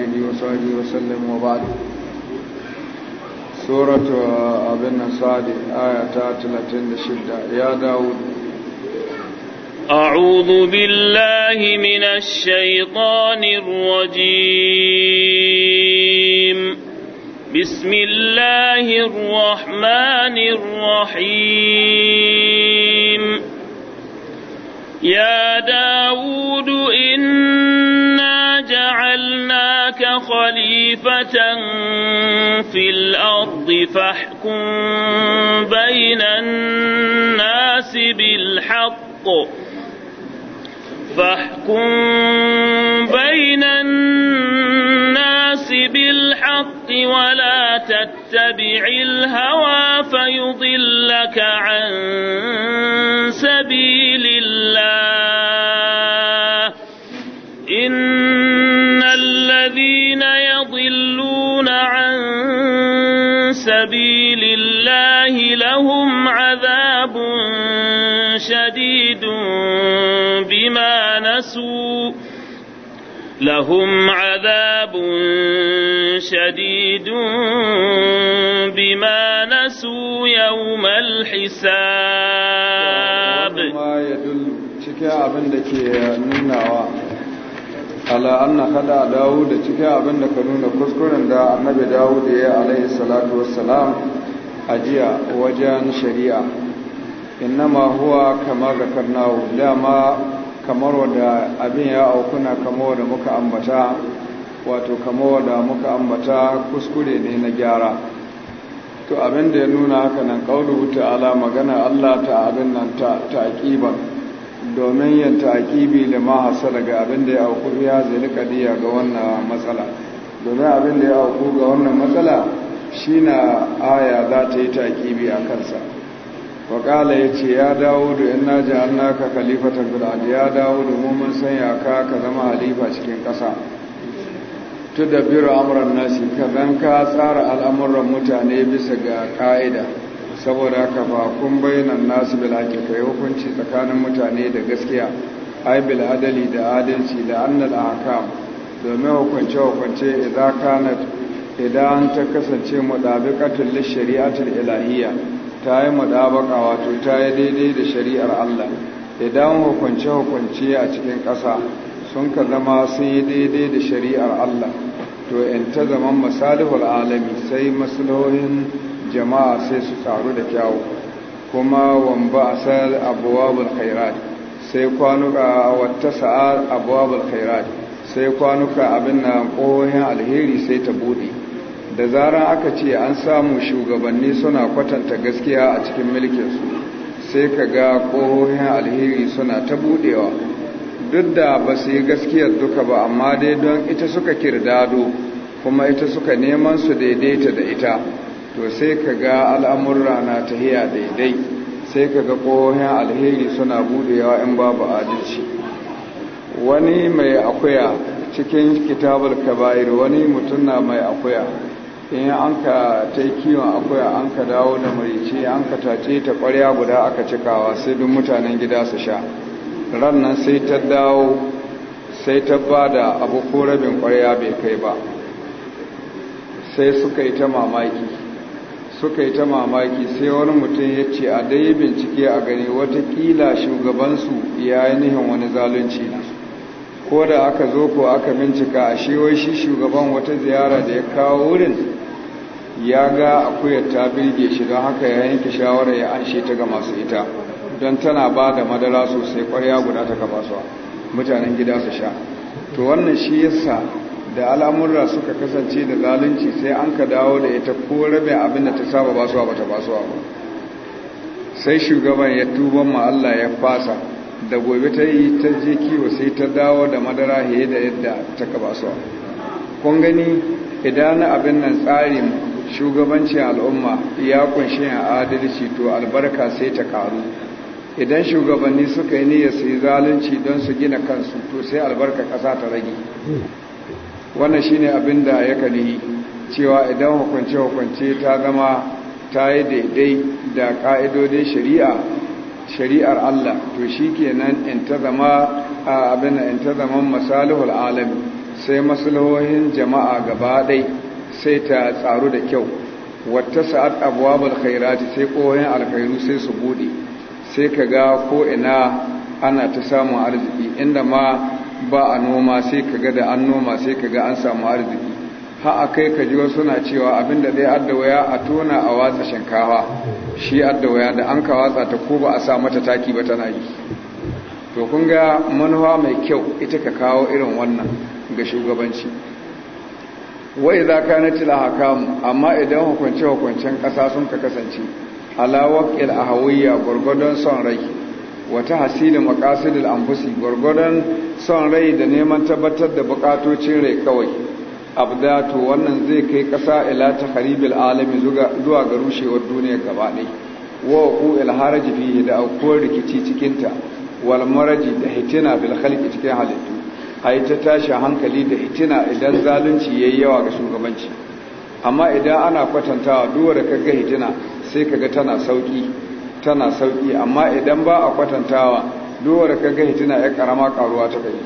آله وصحبه وسلم وبعد سورة أبن صاد آية 36 يا داود أعوذ بالله من الشيطان الرجيم بسم الله الرحمن الرحيم يا داود إن لك خليفة في الأرض فاحكم بين الناس بالحق فاحكم بين الناس بالحق ولا تتبع الهوى فيضلك عن سبيل الله يضلون عن سبيل الله لهم عذاب شديد بما نسوا لهم عذاب شديد بما نسوا يوم الحساب ما يدل شكا abin da ala anna hada dawo da cikin abin da ka nuna kuskuren da annabi dawo da ya alaihi salatu wassalam a jiya wajen shari'a ma huwa kamar da karnawo dama kamar wadda abin ya aukuna kamar wadda muka ambata wato kamar wadda muka ambata kuskure ne na gyara to abin da ya nuna haka nan kaulu ta'ala magana Allah ta abin nan ta aqiban domin yin ta'akibi da mahasa daga abin da ya auku ya zai kadiya ga wannan matsala domin abin da ya auku ga wannan matsala shi na aya za ta yi taƙibi a kansa wakala ya ce ya dawo da yan naji an naka khalifatan ya dawo da mummun sanya ka ka zama halifa cikin ƙasa tu tudabbiru amran nasi ka zan ka tsara al'amuran mutane bisa ga ƙa'ida saboda haka ba kun bayyana nasu bilaki kai hukunci tsakanin mutane da gaskiya ai bil adali da adalci da annal ahkam domin hukunce hukunce idan kanat idan ta kasance mudabiqatul li shari'atul ilahiyya ta yi mudabaqa wato ta yi daidai da shari'ar Allah idan hukunce hukunce a cikin ƙasa sun ka zama sun yi daidai da shari'ar Allah to in ta zaman masalihul alami sai maslahohin jama'a sai su taru da kyawu kuma wamba asal abwabul khairat sai kwanuka wata sa'ar abwabul khairat sai kwanuka abin na kohin alheri sai ta bude da zaran aka ce an samu shugabanni suna kwatanta gaskiya a cikin mulkinsu sai ka ga kohohin alheri suna ta budewa duk da ba su yi gaskiyar duka ba amma dai don ita suka kirdado kuma ita suka neman su daidaita da ita to sai ka ga al'amurra na tahiya daidai sai ka ga ƙohon alheri suna bude yawa in babu adalci wani mai akuya cikin kitabar kaba'ir wani mutum na mai akuya in an ka ta kiwon akuya an ka dawo da ce an ka tace ta ƙwarya guda aka cikawa sai duk mutanen gida su sha ran nan sai ta dawo sai ta ba da abu ko rabin ƙwarya bai kai ba sai suka yi ta mamaki suka yi ta mamaki sai wani mutum ya ce a dai bincike a gani watakila shugabansu ya yi nihin wani zalunci na ko da aka zo ko aka bincika a shewai shi shugaban wata ziyara da ya kawo wurin ya ga akuyar ta birge shi don haka ya yanke shawarar ya anshe ta ga masu ita don tana ba da madara sosai kwarya guda ta kafa mutanen gida su sha to wannan shi yasa da al'amurra suka kasance da zalunci sai an ka dawo da ita ko rabe abin da ta saba basuwa ba ta basuwa ba sai shugaban ya tuban ma Allah ya fasa da gobe ta yi ta je kiwo sai ta dawo da madara haye da yadda ta ka basuwa kun gani idan abin nan tsarin shugabancin al'umma ya kunshi a adalci to albarka sai ta karu idan shugabanni suka yi niyyar su yi zalunci don su gina kansu to sai albarka ƙasa ta rage wannan shine abin da ya kalihi cewa idan hukunce hukunce ta zama ta yi daidai da ka'idodin shari'a shari'ar Allah to shi nan in ta zama a abin in ta zama masalihul alami sai maslahohin jama'a gaba ɗai sai ta tsaru da kyau wata sa'ad abwabul ta sai kohin alkhairu sai su buɗe sai ka ga ko ina ana ta samun arziki inda ma ba a noma sai ka ga da an noma sai ka ga an samu arziki ha a kai ka ji wasu na cewa abin abinda zai addawaya a tona a watsa shinkawa shi addawaya da an ka watsa ta ko ba a sa mata taki ba tana yi to kun ga manuwa mai kyau ita ka kawo irin wannan ga shugabanci wai za ka na tila haka amma idan hukunce-hukuncen ƙasa sun ka kasance alawakil a gwargwadon son rai wata hasilin makasidil anfusi gwargwadon son rai da neman tabbatar da bukatocin rai kawai abdatu wannan zai kai ƙasa ila ta haribil alami zuwa ga rushewar duniya gaba ɗai wa ku ilharaji fihi da aukuwar rikici cikinta wal maraji da hitina bil khalqi cikin halittu ai ta tashi hankali da hitina idan zalunci yayi yawa ga shugabanci amma idan ana kwatantawa duwar kaga hitina sai kaga tana sauki tana sauki amma idan ba a kwatantawa duwar ka ga tana ya karama karuwa ta kai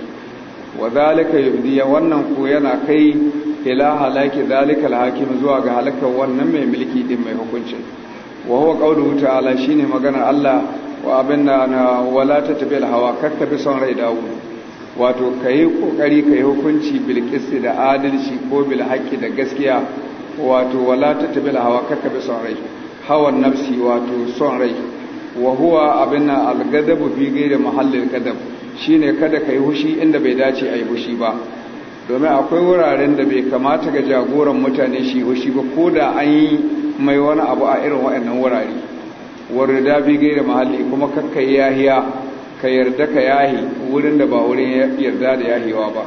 wa zalika yubdiya wannan ku yana kai ila halaki zalika alhakim zuwa ga halakar wannan mai mulki din mai hukunci wa huwa qawluhu ta'ala shine maganar Allah wa abinna na wala tatabil hawa kakka bi son rai dawo wato kai kokari kai hukunci bil qisti da adalci ko bil haqqi da gaskiya wato wala tatabil hawa kakka bi son rai hawan nafsi wato son rai wa huwa abin al-ghadabu fi muhallin mahallil ghadab shine kada kai hushi inda bai dace ai hushi ba domin akwai wuraren da bai kamata ga jagoran mutane shi hushi ba da an yi mai wani abu a irin waɗannan wurare wurin da bi gairi mahalli kuma kakka yahiya ka yarda ka yahi wurin da ba wurin yarda da yahiwa ba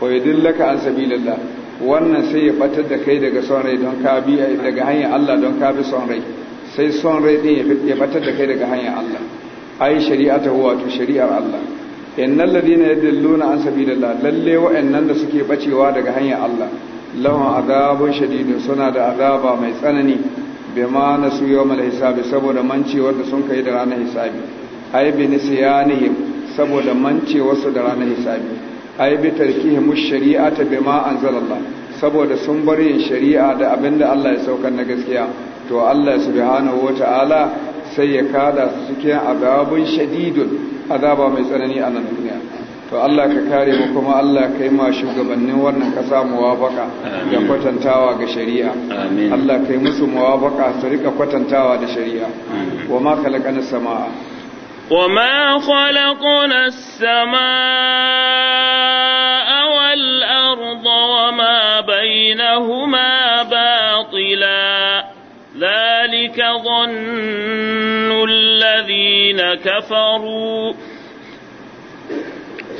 ko laka an sabilillah wannan sai ya batar da kai daga son rai don ka bi daga hanyar Allah don ka bi son rai sai son rai din ya batar da kai daga hanyar Allah ai shari'ata huwa to shari'ar Allah innal ladina yadilluna an sabilillah lalle wa'annan da suke bacewa daga hanyar Allah lahum azabun shadidun suna da azaba mai tsanani bima nasu yawmal hisabi saboda mancewar da sun kai da ranar hisabi ai bi nisyanihim saboda su da ranar hisabi yi bi ta ash ma bima anzalallah saboda sun bar yin shari'a da abinda Allah ya saukar na gaskiya to Allah subhanahu ala sai ya kada su cikin azabun shadidun azaba mai tsanani a nan duniya to Allah ka kare mu kuma Allah ka yi ma shugabannin wannan kasa muwafaka da kwatantawa ga shari'a Allah ka yi musu muwafaka su rika kwatantawa da shari'a wa ma khalaqana samaa وما خلقنا السماء والأرض وما بينهما باطلا ذلك ظن الذين كفروا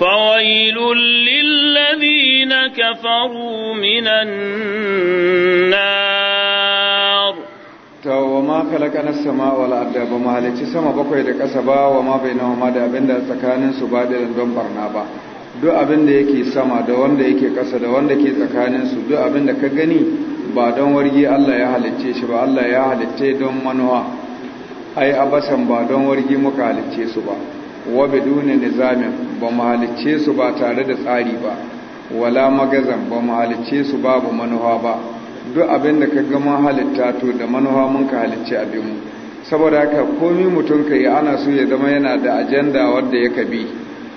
فويل للذين كفروا من النار to wa ma khalaqa as-samaa wal arda ba ma halici sama bakwai da ƙasa ba wa ma bainahuma da abinda tsakanin su ba da don barna ba duk abin da yake sama da wanda yake ƙasa da wanda ke tsakanin su duk abin ka gani ba don wargi Allah ya halicce shi ba Allah ya halicce don manuwa ai abasan ba don wargi muka halicce su ba wa biduni nizamin ba mu halicce su ba tare da tsari ba wala magazan ba mu halicce su babu manuwa ba duk abin da ka gama halitta to da manuwa mun ka halicci abinmu saboda haka komi mutum ka yi ana so ya zama yana da ajanda wadda ya kabi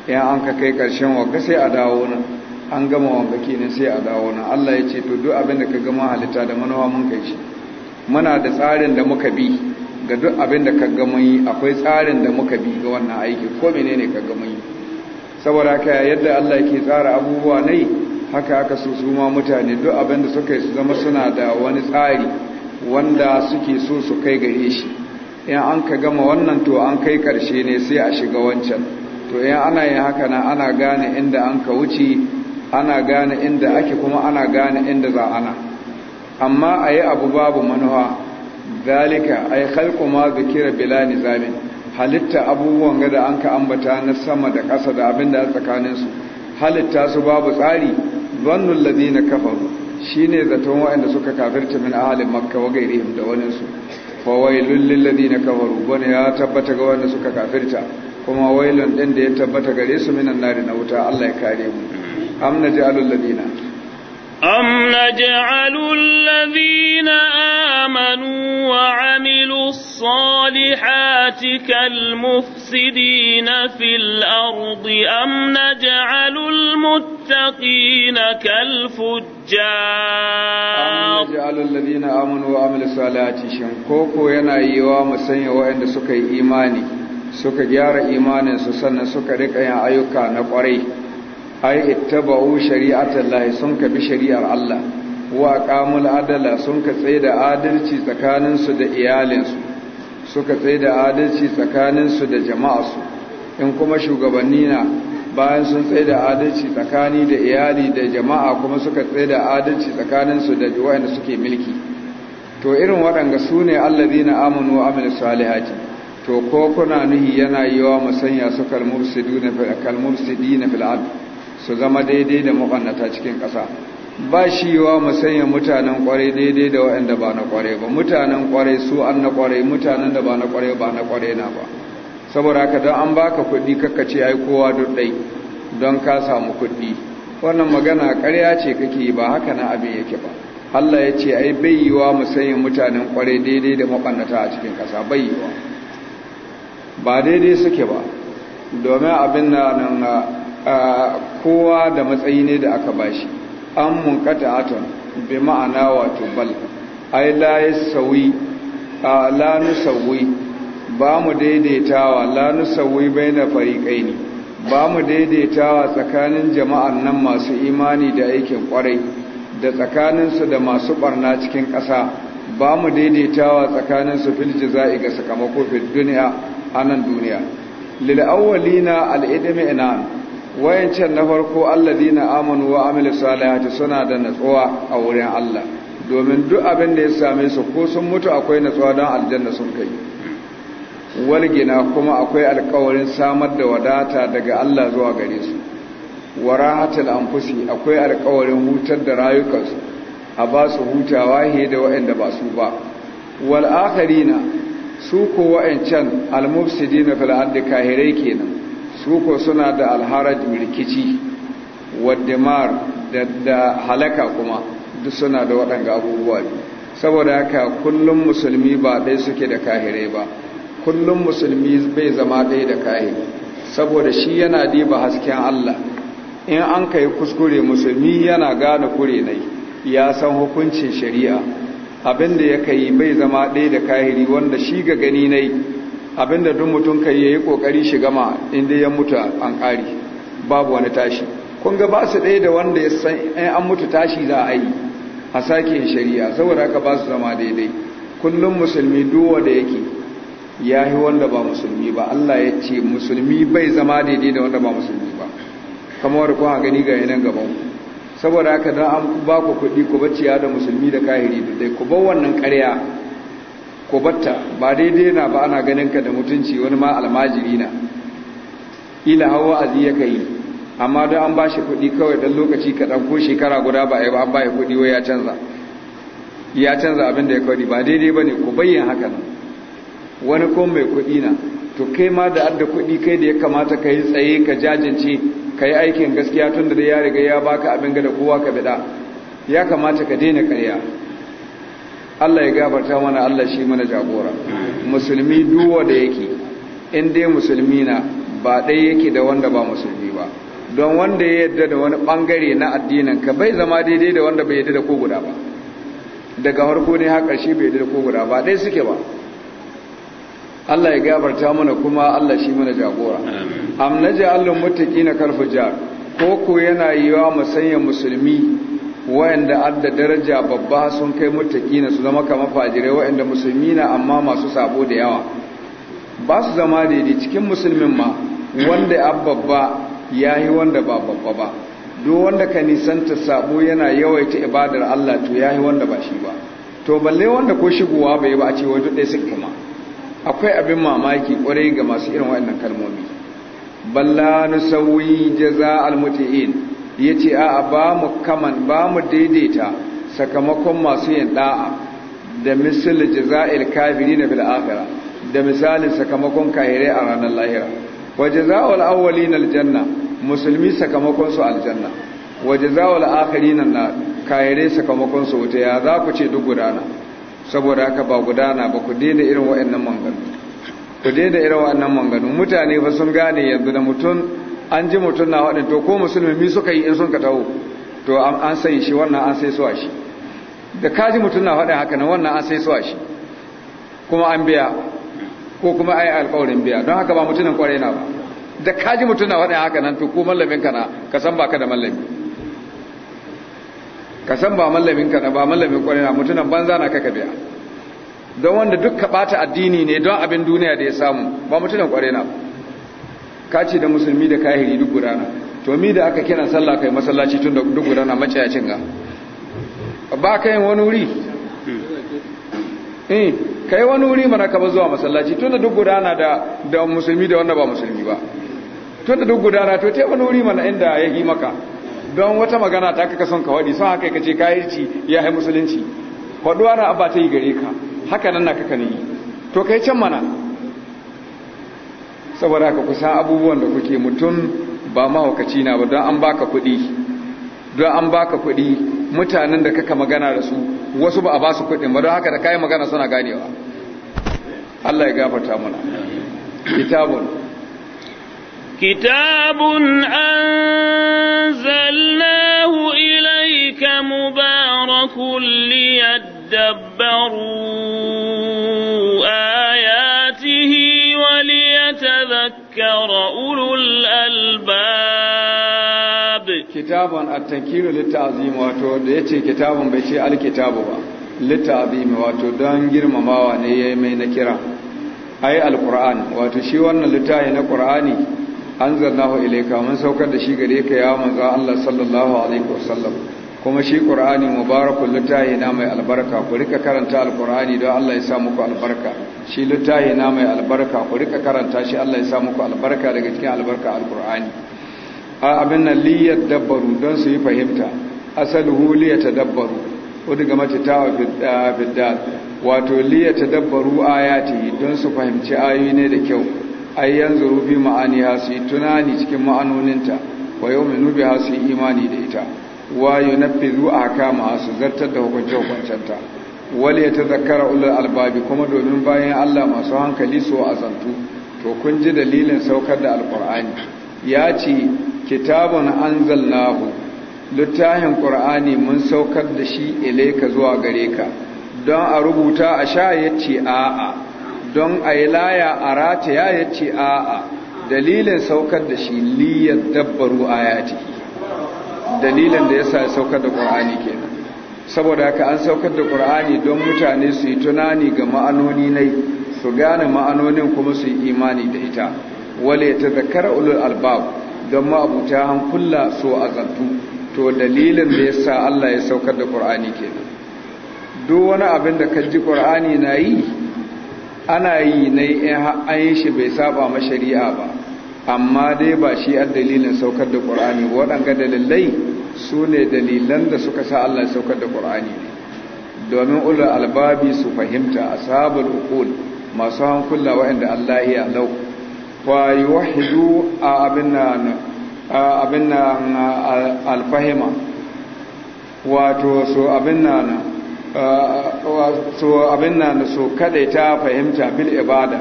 yan an ka kai karshen wanka sai a dawo nan an gama wanka kenan sai a dawo nan Allah ya ce to duk abin da ka gama halitta da manuwa mun ka shi muna da tsarin da muka bi ga duk abin da ka gama yi akwai tsarin da muka bi ga wannan aiki ko menene ka gama yi saboda haka yadda Allah yake tsara abubuwa ne haka aka so su ma mutane duk abinda suka yi su zama suna da wani tsari wanda suke so su kai gare shi in an ka gama wannan to an kai karshe ne sai a shiga wancan to in ana yin haka na ana gane inda an ka wuce ana gane inda ake kuma ana gane inda za ana amma a yi abu babu manuwa zalika a yi halko ma kira bila nizamin halitta abubuwan gada an ka ambata na sama da ƙasa da abin da tsakaninsu halitta su babu tsari zannul ladina kafaru shine zaton wa'anda suka kafirta min ahalin makka wa gairihim da wani su fa wailul lil ladina kafaru bane ya tabbata ga wanda suka kafirta kuma wailun din da ya tabbata gare su minan nari na wuta Allah ya kare mu amna naj'alul ladina أم نجعل الذين آمنوا وعملوا الصالحات كالمفسدين في الأرض أم نجعل المتقين كالفجار أم نجعل الذين آمنوا وعملوا الصالحات شنكوكو ينايوا مسنيا وإن سكي إيماني سكي جار imaninsu sannan suka riƙa أيوكا نقريه ay ittaba'u shari'atallahi sun ka bi shari'ar Allah wa qamul adala sun ka tsaye da adalci tsakaninsu da iyalinsu suka tsaye da adalci tsakaninsu da su in kuma shugabanni na bayan sun tsaye da adalci tsakani da iyali da jama'a kuma suka tsaye da adalci tsakaninsu da waɗanda suke mulki to irin waɗanga su ne allazina amanu wa amilu salihati to ko kuna nuhi yana yiwa musanya su kalmursidina fil ard su zama daidai da makwannata cikin ƙasa ba shi wa mu sanya mutanen kwarai daidai da waɗanda ba na kwarai ba mutanen kwarai su an na kwarai mutanen da ba na kwarai ba na kwarai na ba saboda haka don an baka kuɗi ce ai kowa duddai don ka samu kuɗi wannan magana ƙarya ce kake ba haka na abin yake ba Allah ya ce ai bai yi wa mu sanya mutanen kwarai daidai da maɓannata a cikin ƙasa bai yi ba daidai suke ba domin abin nan A kowa da matsayi ne da aka bashi an munkata aton bi ma'ana wato bal ai la yasawi la nusawi ba mu daidaitawa la nusawi baina fariqaini ba mu daidaitawa tsakanin jama'an nan masu imani da aikin kwarai da tsakaninsu da masu barna cikin ƙasa ba mu daidaitawa su fil jaza'i ga sakamako fil duniya a nan duniya lil awwalina al idmi wayancan na farko alladina amanu wa amilu salihati suna da natsuwa a wurin Allah domin duk abin da ya same su ko sun mutu akwai natsuwa don aljanna sun kai walgina kuma akwai alkawarin samar da wadata daga Allah zuwa gare su warahatul anfusi akwai alkawarin hutar da rayukansu a ba su hutawa he da waɗanda ba su ba wal akhirina su ko wayancan almufsidina fil ardi kahirai kenan su suna da alharaj rikici mar da da halaka kuma duk suna da waɗanga abubuwa saboda haka kullum musulmi ba ɗai suke da kahirai ba kullum musulmi bai zama ɗaya da kahiri saboda shi yana diba hasken Allah in an kai kuskure musulmi yana gane kure nai ya san hukuncin shari'a abinda ya kai bai zama ɗaya da kahiri wanda shi ga gani nai Abin da duk mutum kai yayi kokari shi gama inda ya mutu an ƙari babu wani tashi kun ga ba su ɗaya da wanda ya san an mutu tashi za a yi a sake shari'a saboda haka ba su zama daidai kullum musulmi duwa da yake ya yi wanda ba musulmi ba Allah ya ce musulmi bai zama daidai da wanda ba musulmi ba kamar kuma gani ga yanan gaban saboda haka dan an ba ku kuɗi ku bacciya da musulmi da kahiri da dai ku bar wannan ƙarya ku ba daidai na ba ana ganin ka da mutunci wani ma almajiri na ila hawa azi ya kai amma don an ba shi kuɗi kawai don lokaci kaɗan ko shekara guda ba a an ba ya kuɗi wai ya canza ya canza abin da ya kawai ba daidai ba ne ku bayyana hakan wani ko mai kuɗi na to kai ma da adda kuɗi kai da ya kamata ka yi tsaye ka jajince ka yi aikin gaskiya tun da ya riga ya baka abin ga da kowa ka bida ya kamata ka daina karya Allah ya gafarta mana Allah shi mana jagora musulmi duwa da yake in dai musulmi na ba ɗaya yake da wanda ba musulmi ba don wanda ya yadda da wani ɓangare na addinin ka bai zama daidai da wanda bai yadda da ko guda ba daga harko ne haka shi bai yadda da ko guda ba ɗaya suke ba Allah ya gafarta mana kuma Allah shi mana jagora am naj'alul muttaqina kalfujar ko ko yana yiwa musanya musulmi wayanda adda daraja babba sun kai mutaki na su zama kamar fajirai wayanda musulmi na amma masu sabo da yawa ba su zama daidai cikin musulmin ma wanda ya babba ya yi wanda ba babba ba duk wanda ka nisanta sabo yana yawaita ibadar Allah to ya yi wanda ba shi ba to balle wanda ko shigowa bai ba a ce wai duk ɗaya sun kuma akwai abin mamaki kwarai ga masu irin waɗannan kalmomi balla nusawi jaza al-muti'in ya ce a ba mu kaman ba mu daidaita sakamakon masu yin da'a da misali jaza'il kafiri na bil'afira da misalin sakamakon kahire a ranar lahira wa jaza'ul awwali na aljanna musulmi sakamakon su aljanna wa jaza'ul akhiri na kahire sakamakon su wuta ya za ku ce duk gudana saboda haka ba gudana ba ku daina irin wa'annan manganu ku daina irin wa'annan manganu mutane ba sun gane yanzu da mutum an ji mutum na waɗin to ko musulmi suka yi in sun ka taho to an sai shi wannan an sai suwa shi da ka ji mutum na waɗin haka nan wannan an sai suwa shi kuma an biya ko kuma ai alƙawarin biya don haka ba mutumin kwarai na ba da ka ji mutum na waɗin haka nan to ko mallamin ka na ka san ba ka da mallami ka san ba mallamin ka na ba mallamin kwarai na mutumin banza na kaka biya don wanda duk ka ɓata addini ne don abin duniya da ya samu ba mutumin kwarai na ba ka ce da musulmi da kahiri duk gudana to mi da aka kiran sallah kai masallaci tun da duk gudana macayacin ga ba ka yin wani wuri eh kai wani wuri mana ka zuwa masallaci tun da duk gudana da da musulmi da wanda ba musulmi ba tun da duk gudana to te wani wuri mana inda ya yi maka don wata magana ta kaka son ka wadi son haka kace kahirci ya yi musulunci faduwa na abata ta yi gare ka haka nan na kaka ne to kai can mana saboda haka kusa abubuwan da kuke mutum ba mahaukaci na ba don an baka kuɗi don an baka kuɗi mutanen da kaka magana da su wasu ba a ba su kuɗin ba don haka da kayi magana suna ganewa Allah ya gafarta mana kitabun kitabun anzalnahu ilayka mubarakun liyadabbaru ayatihi وليتذكر أولو الألباب كتابا التنكير للتعظيم واتو ديتي كتابا بيتي الكتاب للتعظيم واتو دانجر مماوى نيامي نكرا أي القرآن واتو شيوان لتاهي نقرآني أنزلناه إليك ومن سوكر دشي غريك يا منزع الله صلى الله عليه وسلم kuma shi ƙur'ani mubarakun littahi na mai albarka ku rika karanta alƙur'ani don Allah ya sa muku albarka shi littahi na mai albarka ku rika karanta shi Allah ya sa muku albarka daga cikin albarka alƙur'ani a abin nan liyar dabbaru don su yi fahimta asaluhu liyar ta dabbaru wadda ga mace ta fiddal wato liyar ta dabbaru ayati don su fahimci ayoyi ne da kyau ai yanzu rufi ma'ani ha su yi tunani cikin ma'anoninta wa yau mai nubi ha su yi imani da ita wa a kama su zartar da hukunci hukuncinta wale ta zakara ulul albabi kuma domin bayan Allah masu hankali su zantu to kun ji dalilin saukar da alkur'ani ya ce kitabun zallahu littafin ƙur'ani mun saukar da shi ilaika zuwa gare ka don a rubuta a sha yace a'a don a yi laya a rataya yace a'a dalilin saukar da shi liyar dabbaru yatihi dalilin da yasa ya saukar da Kur'ani kenan saboda haka an saukar da ƙur'ani don mutane su yi tunani ga ma'anoni nai su gane ma'anonin kuma su yi imani da ita wale ta zakar ulul albab don ma'abuta hankula so azantu to dalilin da ya sa Allah ya saukar da Kur'ani kenan duk wani abin da kaji qur'ani na yi ana yi na yi an yi shi bai saba ma shari'a ba amma dai ba shi a dalilin saukar da ƙorani waɗanga dalilai su ne dalilan da suka sa Allah saukar da ƙorani ne domin ulul albabi su fahimta sabon ukul masu hankula waɗanda Allah ya lau wa wahidu a abin na alfahima wato su abin na su abin na su kadaita fahimta bil ibada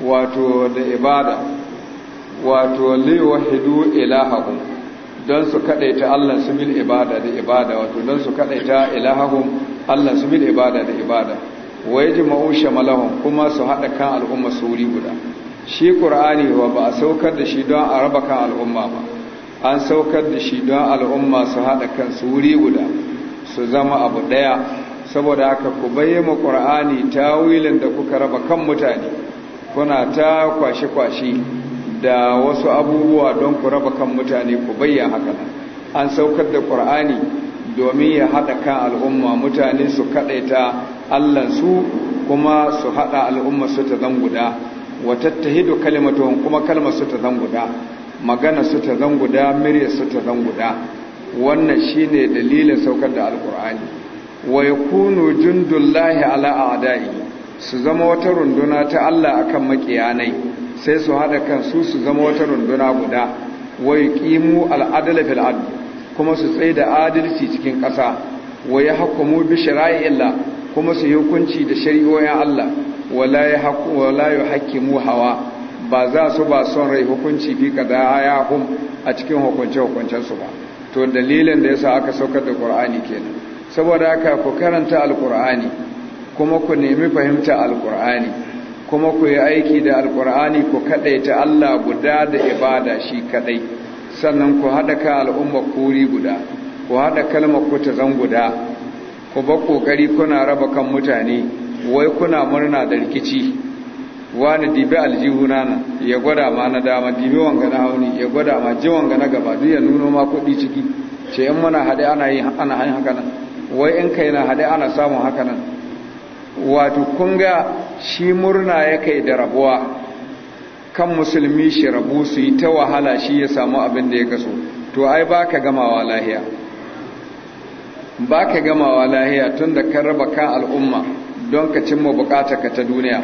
wato da ibada wato liwahidu ilahahum don su kadaita Allah su bil ibada da ibada wato don su kadaita ilahahum Allah su bil ibada da ibada wa yajma'u shamalahum kuma su hada kan al'umma su wuri guda shi qur'ani wa ba a saukar da shi don a raba kan al'umma ba an saukar da shi don al'umma su hada kan su wuri guda su zama abu daya saboda haka ku bayyana qur'ani tawilin da kuka raba kan mutane kuna ta kwashi kwashi da wasu abubuwa don ku raba kan mutane ku bayya haka an saukar da ƙur'ani domin ya haɗa kan al'umma mutane su kaɗaita allansu kuma su haɗa al'umma su ta zanguda watattahidu kalimatuhum kuma kalmar su ta zanguda magana su ta zanguda mirya su ta zanguda wannan shine dalilin saukar da alƙur'ani wa yakunu jundullahi ala a'da'i su zama wata runduna ta Allah akan makiyanai sai su haɗa kan su su zama wata runduna guda wai ƙimu al'adala fil kuma su tsaye da adalci cikin ƙasa wai ya mu bi shari'illah kuma su yi hukunci da shari'o'in Allah wala ya haku mu hawa ba za su ba son rai hukunci fi qada'ahum a cikin hukunce hukuncensu ba to dalilin da ya sa aka saukar da kur'ani kenan saboda haka ku karanta al alqur'ani kuma ku nemi fahimta alqur'ani kuma ku yi aiki da alkur'ani ku ta Allah guda da ibada shi kaɗai, sannan ku haɗa ka al'umma kuri guda ku haɗa kalmar ku ta zan guda ku ba ƙoƙari kuna raba kan mutane wai kuna murna da rikici wani dibi aljihuna nan ya gwada ma na dama dibi wanga na hauni ya gwada ma ji wanga na gaba duk ya nuno ma kuɗi ciki ce in muna haɗe ana yin haka nan wai in kai na haɗe ana samun haka nan wato ga shi murna yake da rabuwa kan musulmi shi rabu su yi ta wahala shi ya samu abin da ya kaso to ai baka gamawa lahiya baka gamawa lahiya tunda ka raba kan al'umma don ka cimma bukatarka ta duniya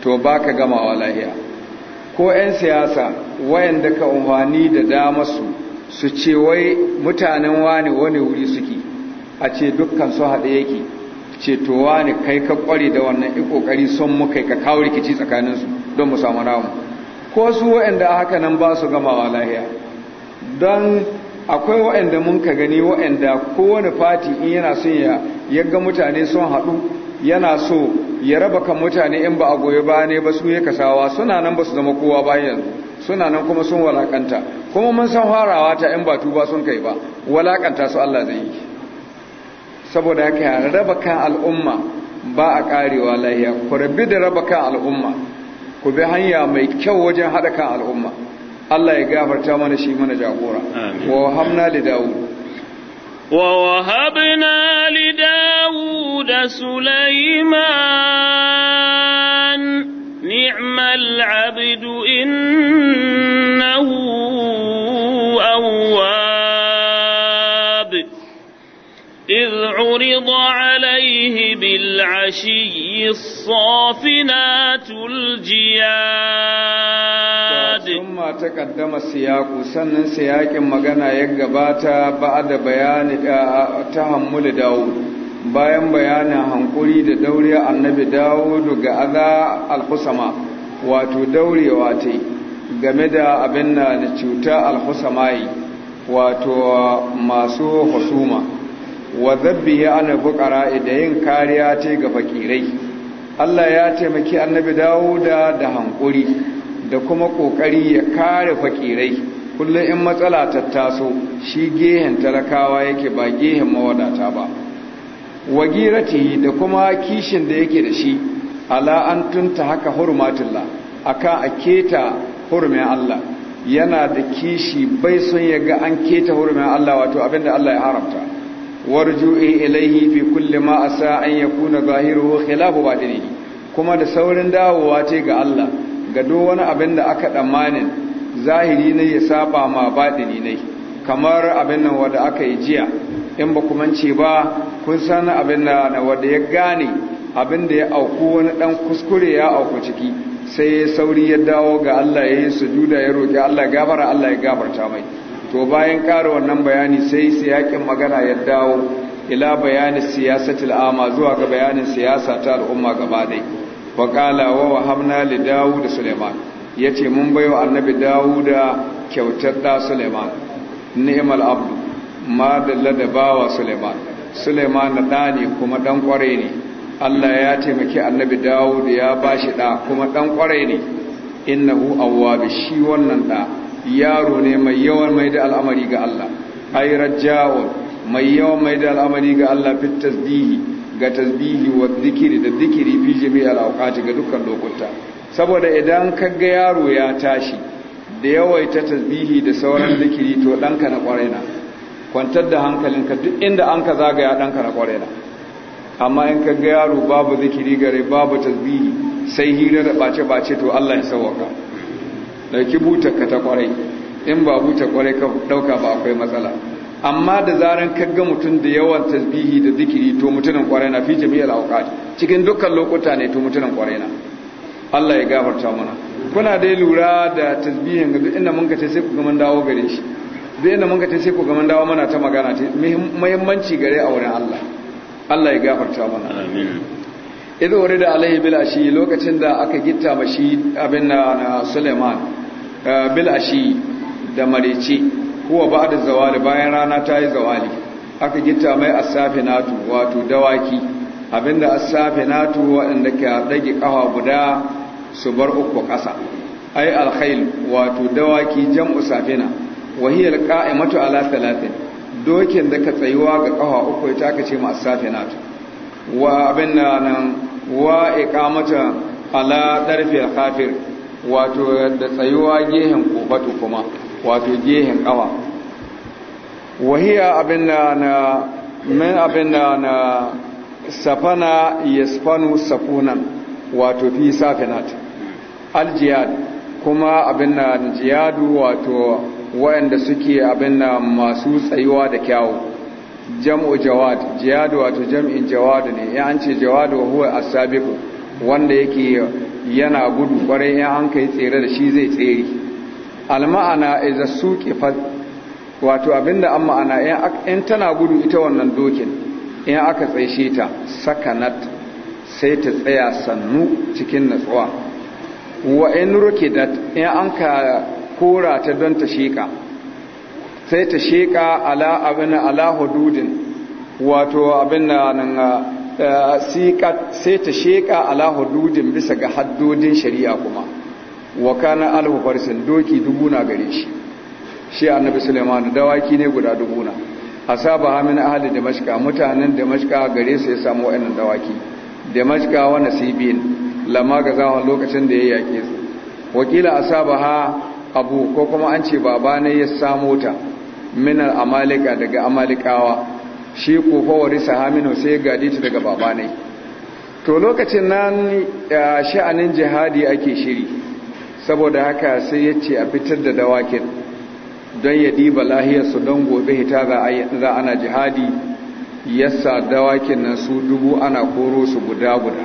to baka gamawa lahiya ko 'yan siyasa wayanda ka umarni da dama su su ce wai mutanen wani wani wuri suke a ce dukkan su haɗe yake ce to wani kai ka kware da wannan i kokari son mu kai ka kawo rikici tsakanin su don mu samu namu ko su waɗanda haka nan ba su gamawa lahiya don akwai waɗanda mun ka gani waɗanda kowane fati in yana son ya yaga mutane sun haɗu yana so ya raba kan mutane in ba a goyi ba ne ba su ya kasawa suna nan ba su zama kowa ba yanzu suna nan kuma sun walakanta kuma mun san farawa ta in ba tuba sun kai ba walakanta su Allah zai yi saboda haka raba kan al'umma ba a karewa lahiya ku rabi da raba kan al'umma ku bi hanya mai kyau wajen haɗa kan al'umma Allah ya gafarta mana shi mana jagora wa hamna li dawud ووهبنا لداود سليمان نعم العبد إنه عرض عليه بالعشي الصافنات الجياد ثم تقدم السياق سنن سياق مغنى يغباتا بعد بيان تحمل داود bayan bayanin hankuri da daure annabi dawudu ga aza alhusama wato daurewa ta game da abin na cuta alhusama wato masu husuma wa ya ana bukara da yin kariya ce ga fakirai Allah ya taimaki annabi Dawuda da hankuri da kuma kokari ya kare fakirai kullum in matsala ta taso shi gehen talakawa yake ba gehen mawadata ba girati da kuma kishin da yake da shi ala an tunta haka hurmatullah aka a keta Allah yana da kishi bai son ya ga an keta hurumin Allah wato abinda Allah ya haramta warju'i ilaihi fi kulli ma asa an yakuna zahiruhu khilafu batinihi kuma da saurin dawowa ce ga Allah ga duk wani abin da aka damanin zahiri ne ya saba ma batini ne kamar abin nan wanda aka yi jiya in ba kuma ce ba kun san abin da na wanda ya gane abin da ya auku wani dan kuskure ya auku ciki sai sauri ya dawo ga Allah ya yi sujuda ya roki Allah gafara Allah ya gafarta mai to bayan ƙara wannan bayani sai yakin magana ya dawo ila bayanin siyasatil ama zuwa ga bayanin siyasa ta al'umma gaba dai wa qala wa wahamna li dawud suleiman yace mun bayo annabi da kyautar da suleiman ni'mal abdu ma dalla da bawa suleiman suleiman ɗa ne kuma ɗan kware ne Allah ya taimaki annabi dawud ya bashi ɗa kuma ɗan kware ne innahu awwab shi wannan da yaro ne mai yawan mai da al'amari ga Allah ay rajawun mai yawan mai da al'amari ga Allah fit tasbihi ga tasbihi wa zikiri da zikiri fi al awqati ga dukkan lokuta saboda idan kaga yaro ya tashi da yawaita tasbihi da sauran zikiri to danka na kwarai na kwantar da hankalinka duk inda an ka zagaya danka na kwarai na amma in kaga yaro babu zikiri gare babu tasbihi sai hira da bace bace to Allah ya sauka ɗauki ka ta kwarai in ba buta kwarai ka ɗauka ba akwai matsala amma da zaran kagga mutum da yawan tasbihi da zikiri to mutumin kwarai na fi jami'ar auqat cikin dukkan lokuta ne to mutumin kwarai na Allah ya gafarta mana kuna dai lura da tasbihin ga duk inda mun ka ce sai ku ga mun dawo gare shi duk inda mun ka ce sai ku ga mun dawo mana ta magana ta muhimmanci gare a wurin Allah Allah ya gafarta mana amin idan wuri da alaihi bilashi lokacin da aka gitta mashi abin na Suleiman Eh, bil ashi da marece ba da zawali bayan rana ta yi zawali aka gita mai asafinatu wato dawaki abinda safinatu waɗanda ke ɗage ƙawa guda su bar uku ƙasa ai alkhail wato dawaki jam'u safina wahiyar hiya ala talatin dokin da ka tsayuwa ga ƙawa uku ya taka ce ma natu wa abinda nan wa iqamata ala ɗarfe kafir wato da tsayuwa gehen kofatu kuma wato gehen kawa wahiya abin da na min abin da na safana yasfanu safunan wato fi safinat aljiyad kuma abin da jiyadu wato wayanda suke abin da masu tsayuwa da kyawu jam'u jawad jiyadu wato jam'in jawadu ne ya an ce jawadu huwa asabiqu wanda yake yana gudu kwarai in an kai tsere da shi zai tsere alma'ana iza suke fa wato abinda an ma'ana in tana gudu ita wannan dokin in aka tsaishe ta sakanat sai ta tsaya sannu cikin natsuwa wa in da in an ka kora ta don ta sheka sai ta sheka ala abin ala hududin wato abin nan Eh, sai ta sheka ala hududin bisa ga haddodin shari'a kuma wa kana alhu doki dubu gare shi shi annabi sulaiman dawaki ne guda dubu na saba hamin da damashqa mutanen damashqa gare su ya samu wayannan dawaki damashqa wani nasibin lamma gazawa lokacin da ya yake su wakila saba ha abu ko kuma an ce baba ya samu ta minar amalika daga amalikawa shi ko fawari sahaminu sai gade ta daga baba ne to lokacin nan sha'anin jihadi ake shiri saboda haka sai ya ce a fitar da dawakin don ya diba lahiyarsu don gobe hita za ana jihadi yasa dawakin nan su dubu ana koro su guda guda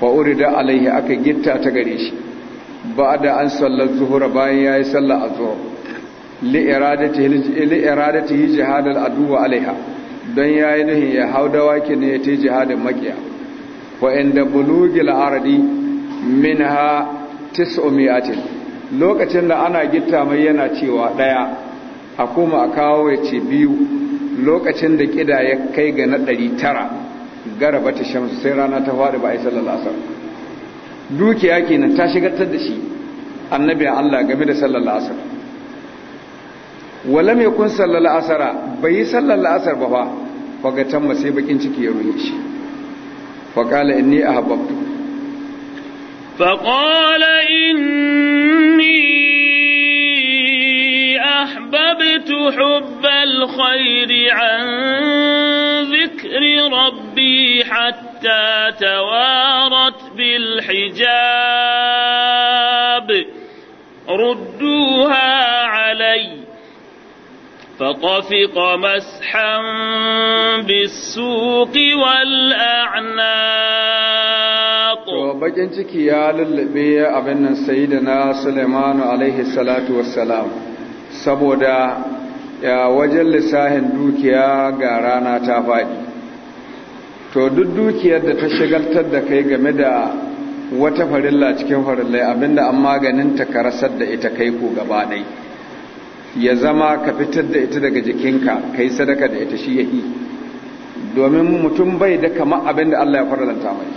fa'uri da alaihi aka gitta ta gare shi ba da an sallar zuhura bayan ya yi sallar a zuhura li'iradatihi jihadal aduwa alaiha don ya yi nuhin ya hau da wake ne ta jihadin makiya wa inda bulugi ardi min ha tis'umiyatin lokacin da ana gita mai yana cewa ɗaya a kuma a kawo ya ce biyu lokacin da ƙida ya kai ga na ɗari tara garaba ta shamsu sai rana ta faɗi ba a yi sallallahu dukiya kenan ta shigartar da shi annabi Allah game da sallar asar ولم يكن صلى العصر بي صلى العصر بها فقتم تم سيبك شكي يرويش فقال إني أحببت فقال إني أحببت حب الخير عن ذكر ربي حتى توارت بالحجاب ردوها فطفق مسحا بالسوق والأعناق bakin ciki ya lullube abin nan sayyidina Sulaimanu alaihi saboda ya wajen lissahin dukiya to duk dukiyar da ta shigaltar da kai game da wata farilla cikin farillai abinda an maganin ta karasar da ita kai ku gaba ɗaya ya zama ka fitar da ita daga jikinka ka yi sadaka da ita shi yi domin mutum bai da kama abinda Allah ya faranta mai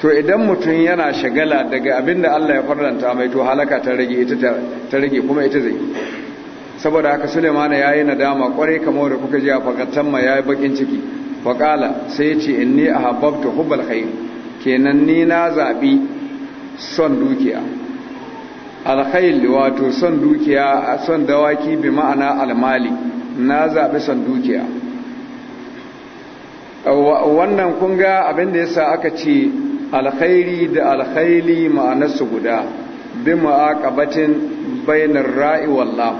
to idan mutum yana shagala daga abinda Allah ya farranta mai to halaka ta rage ita ta rage kuma ita zai saboda haka Sulemana ya yi nadama kwarai kamar da kuka jiya a fakatan ma ya yi bakin ciki faƙala sai ya ce inni a hubal hubbal khair kenan ni na zaɓi son dukiya alkhail wato son dukiya son dawaki bi ma'ana almali na zaɓi son dukiya wannan kun ga abin da yasa aka ce alkhairi da alkhaili ma'anarsu guda bi ma'aqabatin bainar ra'i wallah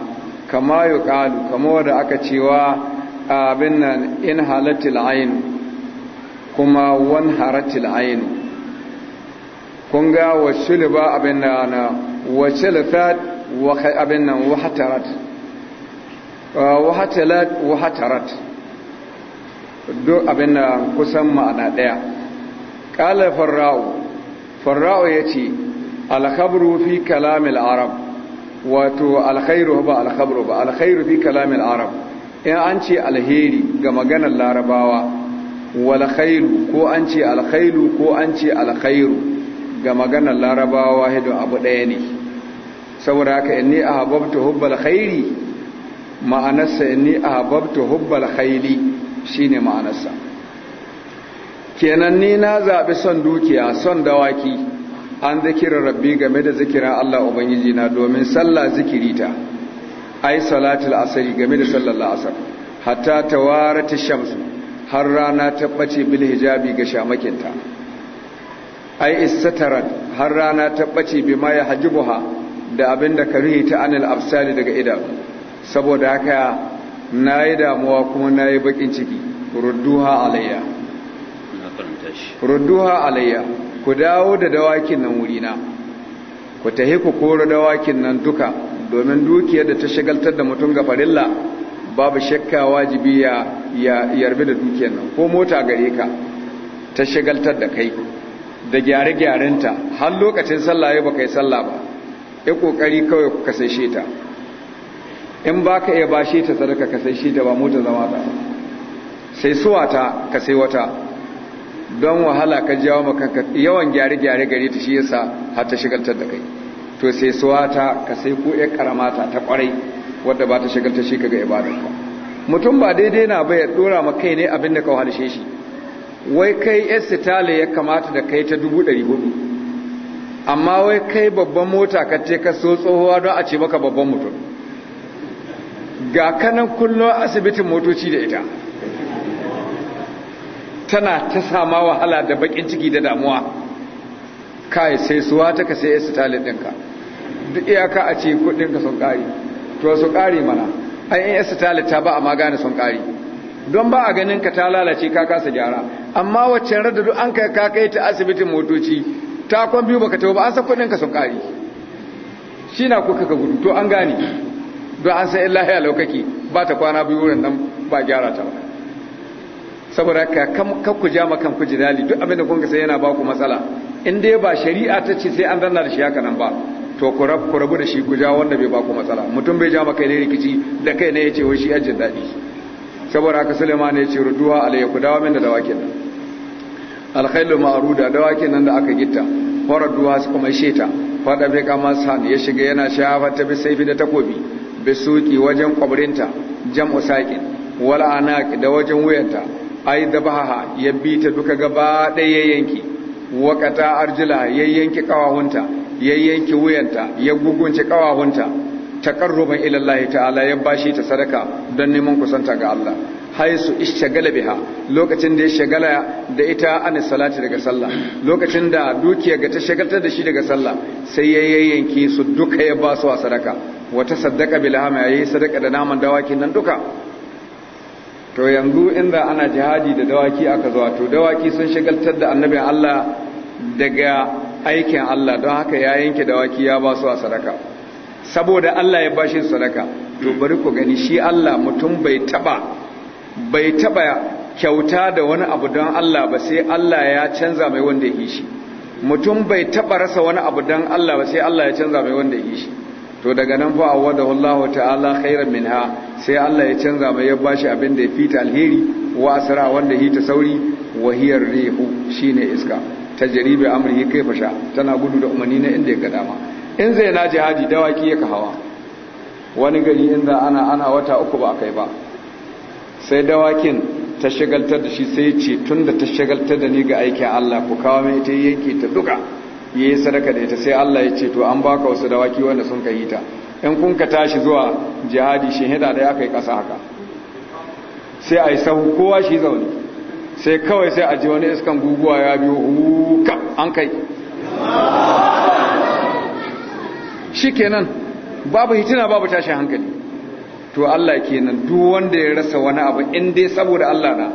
kama yuqalu kama wanda aka cewa abin nan in halatil ayn kuma wan haratil ayn kun ga wasu liba abin na wace lafat abin nan wahatarat wahatarat wahatarat duk abin nan kusan ma'ana ɗaya ƙala farra'u farra'u ya ce alkhabru fi kalamil arab wato alkhairu ba alkhabru ba alkhairu fi kalamil arab in an ce alheri ga maganar larabawa wal ko an ce alkhairu ko an ce alkhairu ga maganar larabawa wahidun abu ɗaya ne saboda haka inni hababta hubbal khairi ma'anarsa inni hababta hubbal khairi shine ma'anarsa kenan ni na zaɓi son dukiya son dawaki an zikirin rabbi game da zikirin Allah ubangiji na domin sallah zikiri ta ai salatul asari game da sallar asar hatta tawarata shamsu har rana ta ɓace bil hijabi ga shamakinta ai istatarat har rana ta bace bi ma ya hajibuha da abinda ka karihi ta anil absali daga ida saboda haka nayi damuwa kuma nayi bakin ciki rudduha alayya rudduha alayya ku dawo da dawakin nan wurina ku tahi ku koro dawakin nan duka domin dukiyar da ta shagaltar da mutum ga farilla babu shakka wajibi ya yarbi da dukiyar nan ko mota gare ka ta shagaltar da kai da gyare-gyarenta har lokacin sallah ya baka yi sallah ba ya kokari kawai ku kasashe ta in ba ka iya bashe ta sadaka kasashe ta ba mota zama ta sai suwa ta ka sai wata don wahala ka jawo makanka yawan gyare-gyare gare ta shi yasa har ta shigaltar da kai to sai suwa ta ka sai ko ya karamata ta kwarai wadda ba ta shigaltar shi kaga ibadarka mutum ba daidai na bai ya dora ma kai ne abin da ka wahalshe shi wai kai yar sitale ya kamata da kai ta dubu ɗari hudu amma wai kai babban mota ka ce ka so tsohuwa don a ce maka babban mutum ga kanan kullum asibitin motoci da ita tana ta sama wahala da bakin ciki da damuwa kai sai suwa ta ka sai sitale ɗinka duk iyaka a ce kudinka sun kari to su kari mana an yi sitale ta ba a magani sun kari don ba a ganin ka ta lalace ka kasa gyara amma wacce rada duk an kai ka kai ta asibitin motoci ta kwan biyu baka tawo ba an san kudin ka sun kare shi na kuka ka gudu to an gane don an san illahi alaukaki ba ta kwana biyu wurin nan ba gyara ta ba saboda ka kan ku ja ku duk abin da kun sai yana ba ku matsala in dai ba shari'a ta ce sai an danna da shi haka nan ba to ku rabu da shi ku wanda bai ba ku matsala mutum bai ja maka ne rikici da kai ne ya ce wai shi ajin daɗi saboda haka Suleiman ya ce ruduwa alayya ku dawo min da dawakin nan alkhailu ma'ruda dawakin nan da aka gitta duwa su kuma sheta fada bai kama san ya shiga yana shafa ta bi sai da takobi bi suki wajen kwabrinta jam'u saqin wala anaq da wajen wuyanta ai da baha ya ta duka gaba ɗaya yanki wakata arjila yayyanki kawahunta yayyanki wuyanta ya gugunci kawahunta taqarruban ila Allah ta'ala ya bashi ta sadaka don neman kusanta ga Allah haisu ishagala biha lokacin da ya shagala da ita an salati daga sallah lokacin da dukiya ga ta shagaltar da shi daga sallah sai ya yayyanki su duka ya ba su a sadaka wata saddaka bilhama yi sadaka da naman dawakin nan duka to yanzu inda ana jihadi da dawaki aka zuwa to dawaki sun shagaltar da annabi Allah daga aikin Allah don haka ya yanke dawaki ya ba su a sadaka saboda Allah ya bashi sadaka to bari ku gani shi Allah mutum bai taba bai taba kyauta da wani abu don Allah ba sai Allah ya canza mai wanda ya shi mutum bai taba rasa wani abu don Allah ba sai Allah ya canza mai wanda ya shi to daga nan fa da wallahu ta'ala khairan minha sai Allah ya canza mai ya bashi abin da ya fita alheri wa asra wanda hita sauri wa hiyar rihu shine iska tajribi amrihi kaifa sha tana gudu da umarni na inda ya ga dama in zai na jihadi dawaki ya hawa wani gari inda ana ana wata uku ba a kai ba sai dawakin ta shagaltar da shi sai ce tun da ta shagaltar da ni ga aikin Allah ku kawo mai ita yanke ta duka ya yi sadaka da ita sai Allah ya ce to an baka wasu dawaki wanda sun kai ta in kun ka tashi zuwa jihadi shi hida da ya kai ƙasa haka sai a yi sahu kowa shi zaune sai kawai sai a ji wani iskan guguwa ya biyo huka an kai kenan babu hitina babu tashin hankali to Allah kenan duk wanda ya rasa wani abu in dai saboda Allah na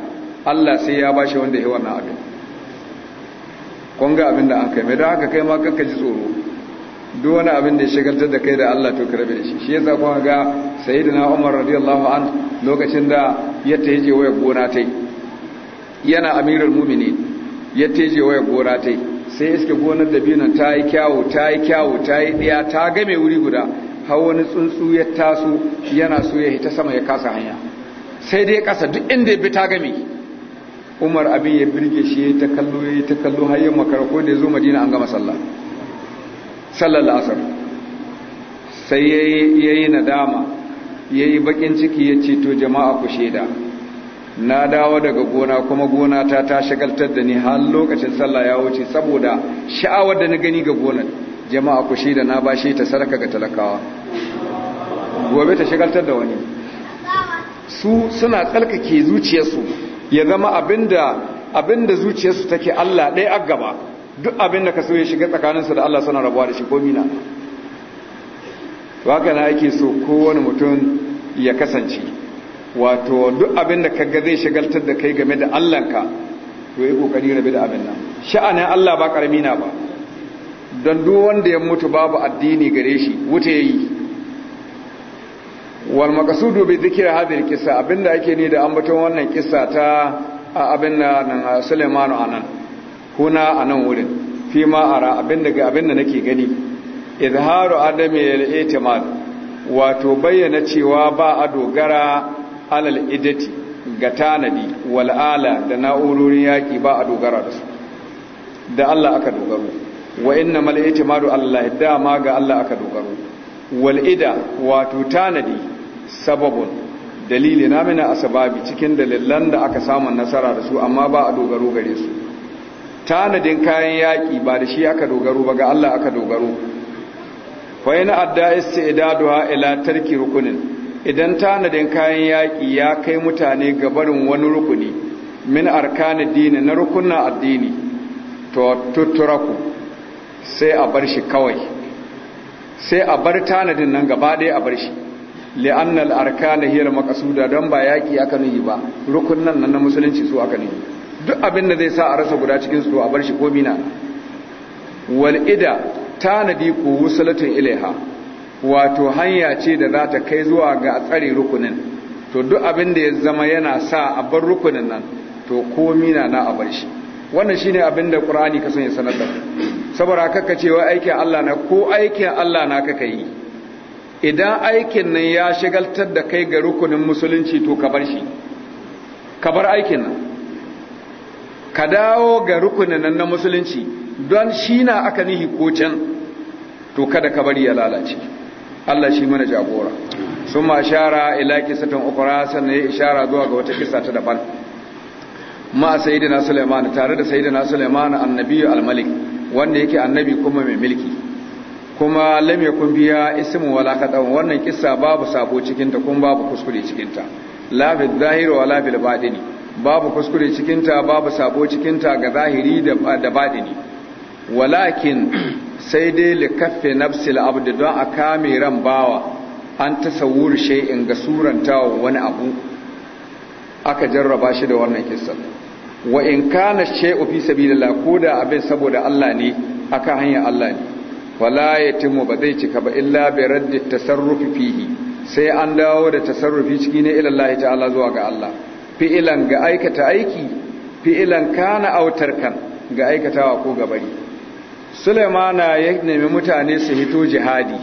Allah sai ya bashi wanda ya wannan abin kun ga abin da an kai mai don haka kai ma kanka ji tsoro duk wani abin da ya shigaltar da kai da Allah to karabe da shi shi yasa kuma ga sayyidina Umar radiyallahu an lokacin da ya taje waya gona tai yana amirul mu'minin ya taje waya gona tai sai iske gonar dabinon ta yi kyawo ta yi kyawo ta yi ɗaya ta game wuri guda har wani tsuntsu ya taso yana so ya hita sama ya kasa hanya sai dai kasa duk inda ya bi ta game umar abin ya birge shi ya ta kallo ya ta kallo har makarako da ya zo madina an gama sallah sallar la'asar sai ya yi nadama ya yi bakin ciki ya ce to jama'a ku shaida na dawo daga gona kuma gona ta ta shagaltar da ni har lokacin sallah ya wuce saboda sha'awar da na gani ga gonar jama'a ku shi da na shi ta sarka ga talakawa gobe ta shagaltar da wani su suna tsarkake zuciyarsu ya zama abinda abinda zuciyarsu take Allah ɗaya a gaba duk abinda ka so ya shiga tsakaninsu da Allah suna rabuwa da shi ko mina to haka na yake so kowane mutum ya kasance wato duk abin da kaga zai shagaltar da kai game da Allahnka to yi kokari rabe da abin nan sha'anin Allah ba karami na ba don duk wanda ya mutu babu addini gare shi wuta yayi wal maqsudu bi dhikri hadhihi kisa abinda ake ni da ambaton wannan kisa ta abin nan Sulaiman anan kuna anan wurin fi ara abinda ga abinda nake gani izharu adami al-i'timad wato bayyana cewa ba a dogara alal idati ga tanadi ala da na'urorin yaƙi ba a dogara da su da Allah aka dogaro wa inna mal itimadu Allah dama ga Allah aka dogaro wal'ida wato tanadi sababun dalili na mina asbabi cikin dalilan da aka samu nasara da su amma ba a dogaro gare su tanadin kayan yaƙi ba da shi aka dogaro ba ga Allah aka dogaro fa yana adda istidaduha ila tarki rukunin idan tanadin kayan yaƙi ya kai mutane ga barin wani rukuni min arkan dini na rukunan addini to tutturaku sai a bar shi kawai sai a bar tanadin nan gaba ɗaya a bar shi li'annal arkana hiyar makasuda don ba yaƙi aka nuyi ba rukunan nan na musulunci su aka nuyi duk abin da zai sa a rasa guda cikin su a bar shi ko mina wal ida tanadi ko ilai ilaiha wato hanya ce da za ta kai zuwa ga tsare rukunin to duk abin da ya zama yana sa a bar rukunin nan to komi na na a bar shi wannan shine abin da qur'ani ka sanya sanar da saboda kaka cewa aikin Allah na ko aikin Allah na kaka yi idan aikin nan ya shigaltar da kai ga rukunin musulunci to ka bar shi ka bar aikin nan ka dawo ga rukunin nan na musulunci don shi na aka nihi ko can to kada ka bari ya lalace Allah shi mana jagora sun ma shara ila kisatun ukura sannan ya ishara zuwa ga wata kisa ta daban ma sayyidina Sulaiman tare da sayyidina Sulaiman annabi al-malik wanda yake annabi kuma mai mulki kuma lam yakun biya ismu wala kadan wannan kissa babu sabo cikin ta kuma babu kuskure cikin ta la bil zahiri wala bil batini babu kuskure cikin ta babu sabo cikin ta ga zahiri da da batini walakin sai dai likaffe nafsil abdu don a kame ran bawa an tasawur in ga surantawa wani abu aka jarraba shi da wannan kissa wa in kana shay'u fi sabilillah da abin saboda Allah ne aka hanyar Allah ne wala yatimu ba zai cika ba illa bi raddi tasarrufi fihi sai an dawo da tasarrufi ciki ne ila Allah ta'ala zuwa ga Allah fi'ilan ga aikata aiki fi'ilan kana autarkan ga aikatawa ko gabari Sulemana ya nemi mutane su hito jihadi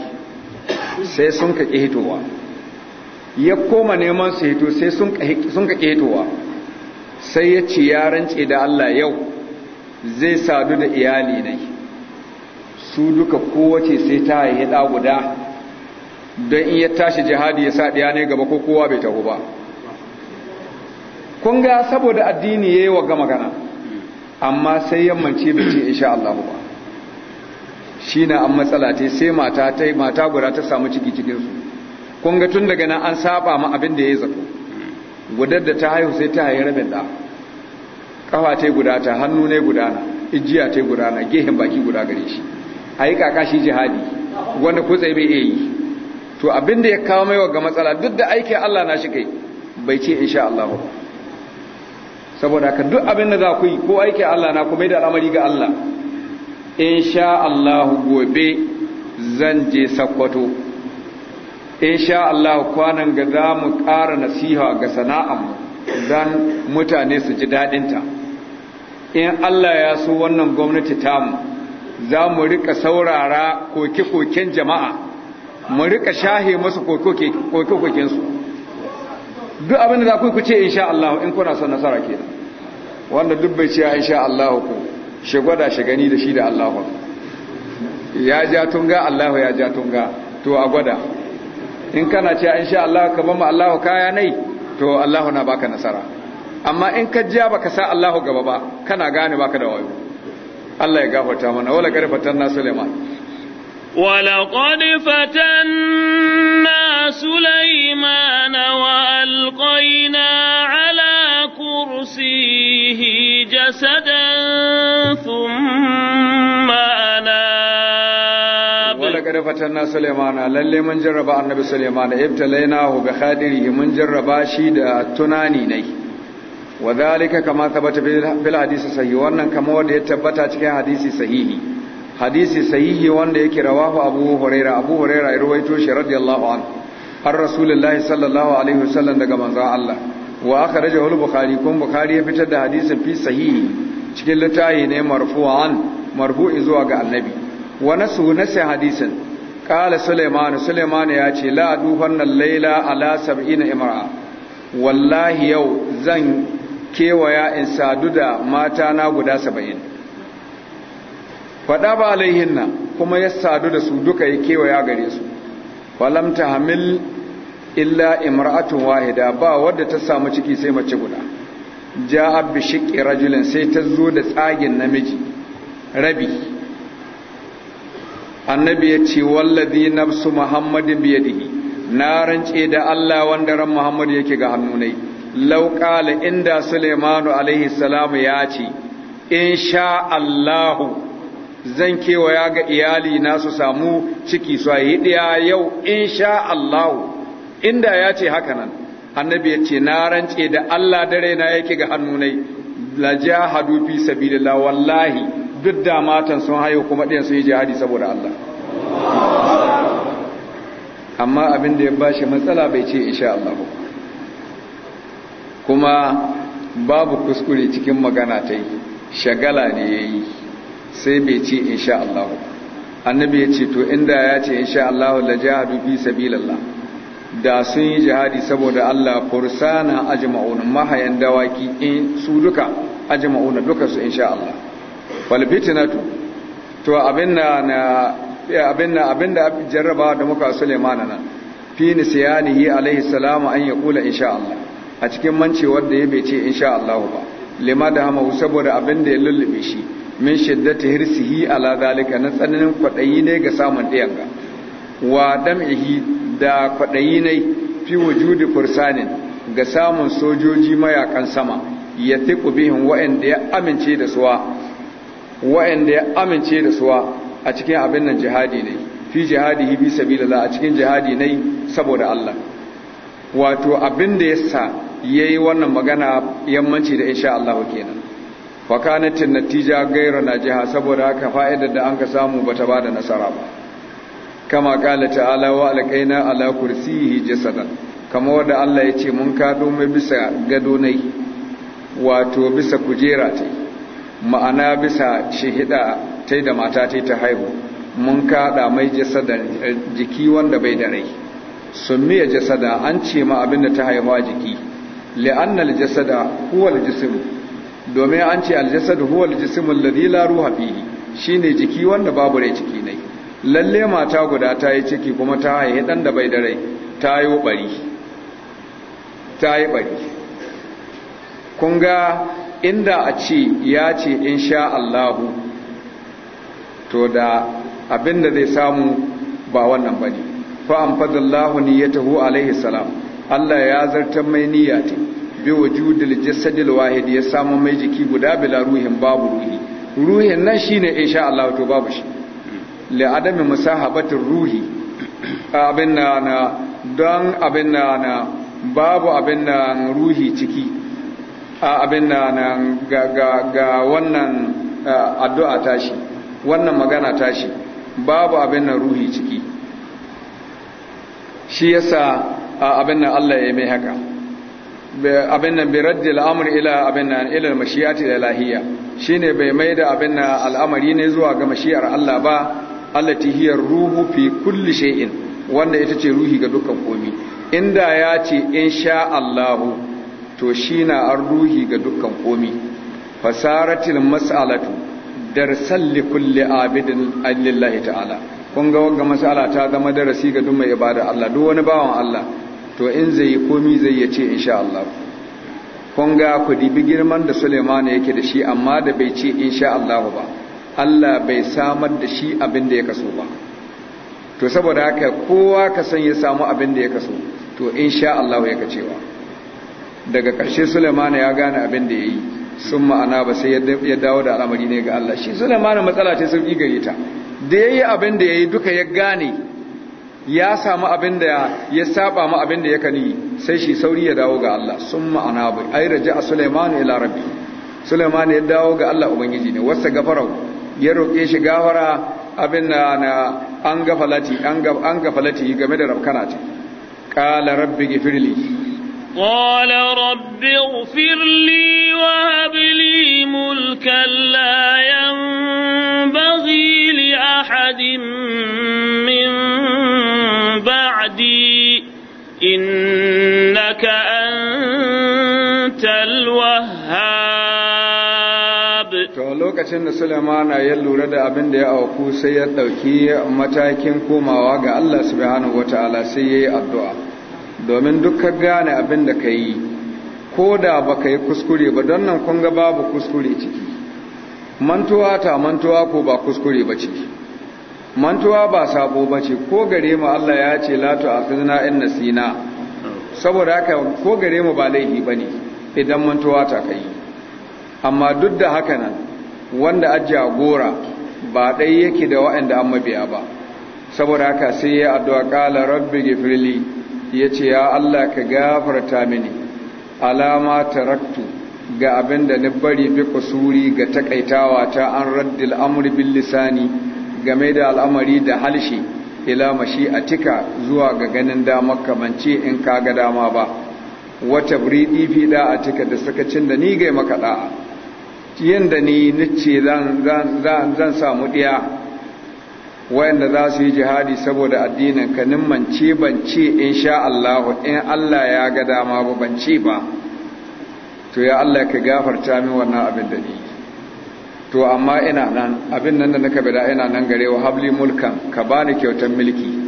sai sun kaƙi hitowa ya koma neman su hito sai sun kaƙi hitowa sai ya ci ce da allah yau zai sadu da iyali ne su duka kowace sai ta haihi guda don in ya tashi jihadi ya sa ɗiya ne gaba ko kowa bai taho ba kun ga saboda addini ya yi wa gama gana amma sai yammanci bai ce insha Allah ba shi na an matsala ta sai mata ta mata guda ta samu ciki cikinsu Kunga tun daga nan an saba ma abin da ya yi zato gudar da ta haihu sai ta haihu rabin da kafa ta guda ta hannu ne guda na ijiya ta guda na gehen baki guda gare shi a yi kaka shi jihadi wanda kutse bai iya yi to abin da ya kawo mai ga matsala duk da aiki Allah na shi kai bai ce insha Allah ba saboda ka duk abin da za ku yi ko aiki Allah na ku mai da al'amari ga Allah in sha Allah gobe zan je sakkwato in sha Allah kwanan ga za mu ƙara nasiha ga sana'anmu zan mutane su ji daɗinta in Allah ya so wannan gwamnati tamu za mu rika saurara koke-koken jama'a mu rika shahe masu koke-kokensu duk abin da za ku ce in sha Allah in kuna son nasara kenan wanda duk bai ce in sha Allah ku shi gwada shi gani da shi da Allahun ya ja tunga Allahu ya ja tunga to a gwada in kana ce in sha Allah ka bamma Allahu kaya nai to Allahu na baka nasara amma in ka ja baka sa Allahu gaba ba kana gane baka da wayo Allah ya gafarta mana wala karfatan na Suleiman ولقد فتنا سليمان وألقينا فيه جسدا ثم أناب ولقد فتنا سليمان للي من جرب النبي سليمان ابتليناه بخادره من جرب شيد تناني ني وذلك كما ثبت في الحديث الصحيح wannan kama wanda ya tabbata cikin hadisi sahihi hadisi sahihi wanda yake rawahu Abu Huraira Abu Huraira ya rawaito shi radiyallahu anhu har Rasulullahi sallallahu alaihi wasallam daga manzon Allah wa aka raja wani bukari kuma bukari ya fitar da hadisin fi sahihi cikin littafi ne marfu'an marfu'i zuwa ga annabi wa nasu nasi hadisin kala Suleimanu sulaiman ya ce la adufanna laila ala sab'ina imra'a wallahi yau zan kewaya in sadu da mata na guda saba'in faɗa ba nan. kuma ya sadu da su duka ya kewaya gare su hamil illa imra'atun wahida ba wadda ta samu ciki sai mace guda ja'a bi shiqqi rajulin sai ta zo da tsagin namiji rabi annabi ya ce wallazi nafsu muhammadin bi yadihi na rance da Allah wanda ran muhammad yake ga hannu ne law qala inda sulaimanu alaihi salam ya ce insha Allah zan kewaya ga iyali na su samu ciki su yi ɗaya yau insha Allahu inda ya ce haka nan annabi ya ce na rance da Allah dare na yake ga hannunai la jahadu fi sabilillah wallahi duk da matan sun hayo kuma ɗayan sun yi jihadi saboda Allah amma abin da ya bashi matsala bai ce insha Allah kuma babu kuskure cikin magana ta yi shagala ne ya yi sai bai ce insha Allah annabi ya ce to inda ya ce insha Allah la jahadu fi sabilillah da sun yi jihadi saboda Allah fursana ajma'un mahayan dawaki in su duka ajma'un duka su insha Allah wal fitnatu to abinda na abinda abinda jarraba da muka Sulaiman nan fi nisyanihi alaihi salamu an yaqula insha Allah a cikin mancewar da ya bai ce insha Allah ba lima da hamahu saboda abinda ya lullube shi min shiddati hirsihi ala zalika na tsananin kwadayi ne ga samun ɗiyanka. wa dam'ihi da kwaɗayi fi wujudi fursanin ga samun sojoji mayakan sama ya tiku bihin wa'anda ya amince da suwa wa'anda ya amince da suwa a cikin abin nan jihadi ne fi jihadi bi sabilillah a cikin jihadi ne saboda Allah wato abin da yasa yayi wannan magana yammanci da insha Allah kenan fa kanatin natija gaira jiha saboda haka fa'idar da an ka samu bata bada nasara ba kama kala ta'ala wa alqaina ala kursiyihi jasadan kama wanda Allah yace mun kado mai bisa gado nai wato bisa kujera ce ma'ana bisa shihida tai da mata tai ta haihu mun kada mai jasadan eh, jiki wanda bai da rai sumiya jasada an ce ma abinda ta haihuwa jiki li'anna al-jasada huwa al-jism domin an ce al-jasad huwa al-jism alladhi la ruha fihi shine jiki wanda babu rai ciki ne lalle mata guda ta yi ciki kuma ta haihe ɗan da bai da rai ta yi ɓari ta yi ɓari kun ga inda a ce ya ce in sha Allahu to da abin da zai samu ba wannan ba ne fa'an fadallahu niyyatahu alaihi salam Allah ya zartar mai ta bi wujudil jasadil wahid ya samu mai jiki guda bila ruhin babu ruhi ruhin nan shine insha Allah to babu shi li'adami musahabatin ruhi abin na don abin na babu abin na ruhi ciki abin na na ga wannan addu'a tashi wannan magana tashi babu abin na ruhi ciki shi yasa abin nan Allah ya mai haka abin nan biraddi al'amur ila abin nan ilar mashiyati da lahiya shi ne bai mai da abin nan al'amari ne zuwa ga mashiyar Allah ba allati hiya ruhu fi kulli shay'in wanda ita ce ruhi ga dukkan komi inda ya ce insha Allahu to shi na an ruhi ga dukkan komi fasaratil mas'alatu darsal li kulli abidin lillahi ta'ala kun ga wanga mas'ala ta zama darasi ga duk ibada Allah duk wani bawan Allah to in zai yi komi zai yace insha Allah kun ga ku dibi girman da Sulaiman yake da shi amma da bai ce insha Allah ba Allah bai samar da shi abin da ya kaso ba to saboda haka kowa ka san ya samu abin da ya kaso to insha Allah ya cewa daga ƙarshe Sulaiman ya gane abin da yayi sun ma'ana ba sai ya dawo da al'amari ne ga Allah shi Sulaiman matsala ce sauki gare ta da yayi abin da yayi duka ya gane ya samu abin da ya saba mu abin da ya kani sai shi sauri ya dawo ga Allah sun ma'ana ba. ai raja'a Sulaiman ila rabbi Sulaiman ya dawo ga Allah ubangiji ne wasa gafarau ya roƙe shi gawara abin da na an gafalati an gafalati game da rabkana ce qala rabbi ghfirli qala rabbi ghfirli wa hab mulkan la yanbaghi li ahadin min ba'di innaka antal wahhab lokacin da Sulemana ya lura da abin da ya auku sai ya ɗauki matakin komawa ga Allah subhanahu wata'ala sai ya yi addu'a domin duk gane abin da ka yi ko da ba ka yi kuskure ba don nan kun ga babu kuskure ciki mantuwa ta mantuwa ko ba kuskure ba ciki mantuwa ba sabo ba ce ko gare mu Allah ya ce latu a fizina in nasina saboda haka ko gare mu ba laifi ba ne idan mantuwa ta ka yi amma duk da haka nan wanda a jagora ba ɗai yake da waɗanda an mabiya ba saboda haka sai ya addu'a ƙala rabbi gifirli ya ce ya Allah ka gafarta mini alama taraktu ga abin da ni bari fi kusuri ga takaitawa ta an raddi amri bin lisani game da al'amari da halshe a tika zuwa ga ganin damar kamance in ka ga dama ba wata da a tika da suka cin da ni gai maka ɗa'a yadda ni ce zan samu ɗiya wayanda za su yi jihadi saboda addinin ka nimmance ban ce in sha Allah in Allah ya ga dama ba ban ce ba to ya Allah ka gafarta min wannan abin da ni to amma ina nan abin nan da naka bada ina nan gare wa habli mulkan ka bani kyautar mulki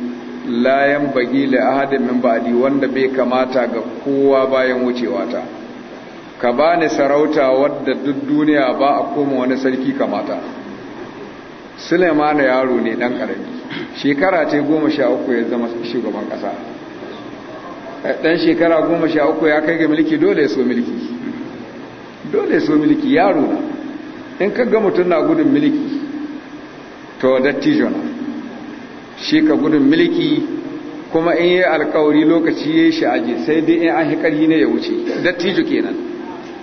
Layan bagi la'adamin ba'adi wanda bai kamata ga kowa bayan wucewa ta ka bani sarauta wadda duk duniya ba a koma wani sarki kamata Suleimanu yaro ne dan karami shekara ce goma sha uku ya zama shugaban kasa dan shekara goma sha uku ya kai ga mulki dole ya so mulki dole so miliki yaro na in ka ga mutum na gudun miliki to dattijo na shi ka gudun miliki kuma in yi alkawari lokaci ya yi sha'aji sai dai in an hikari ne ya wuce dattijo kenan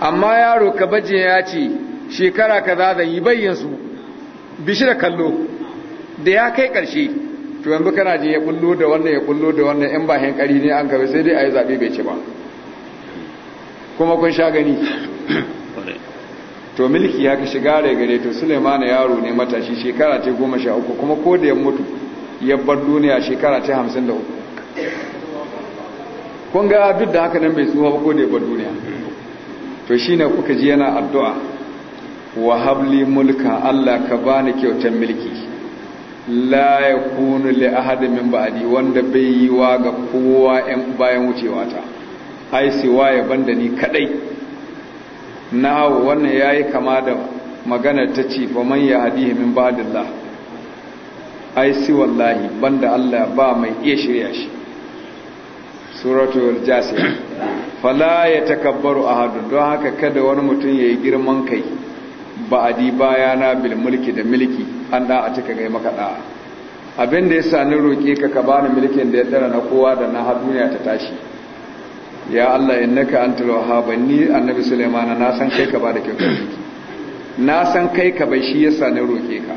amma yaro ka bajin ya ce shekara ka za zan yi bayyansu bishi da kallo da ya kai ƙarshe to yanzu kana je ya kullo da wannan ya kullo da wannan in ba hankali ne an gaba sai dai ayi zaɓe bai ci ba kuma kun sha gani to milki ya ka shiga da gare to Suleimana yaro ne matashi shekara ce uku kuma ko da ya mutu ya bar duniya shekara ce uku kun ga duk da haka nan bai tsuwa ba ko da ya bar duniya to shi ne kuka ji yana addu'a wa habli mulka Allah ka bani kyautar milki. la ya yakunu le ahadin min ba'adi wanda bai yi wa ga kowa 'yan bayan wucewa ta ai ya banda ni kadai na wannan ya yi kama da maganar ta ce ba man ya hadihi min ba'dillah ai si wallahi banda Allah ba mai iya shirya shi suratul jasiya fala ya takabbaru ahadu don haka kada wani mutum ya yi girman kai ba adi bayana bil mulki da mulki an da a cika gai maka da abin da ya sani roke ka ka bani mulkin da ya tsara na kowa da na har duniya ta tashi ya Allah innaka antal wahhab ni annabi sulaiman na san kai ka bada kyautar na san kai ka bai shi ya sani roke ka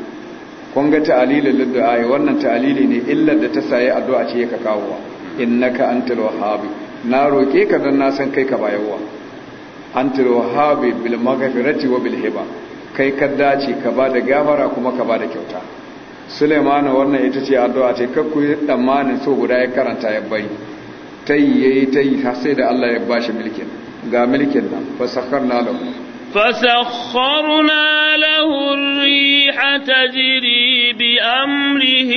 kun ga ta'alilin liddu'a wannan ta'alili ne illar da ta sayi addu'a ce ka kawo innaka antal wahhab na roƙe ka don na san kai ka bayarwa an tilwahabi bil magafirati wa bil hiba kai ka dace ka ba da gafara kuma ka ba da kyauta sulaimanu wannan ita ce addu'a ce kakku yi tsammanin so guda ya karanta ya bai ta yi ya yi ta yi sai da allah ya bashi milkin ga milkin nan fasakar na lahu فسخرنا له الريح تجري بأمره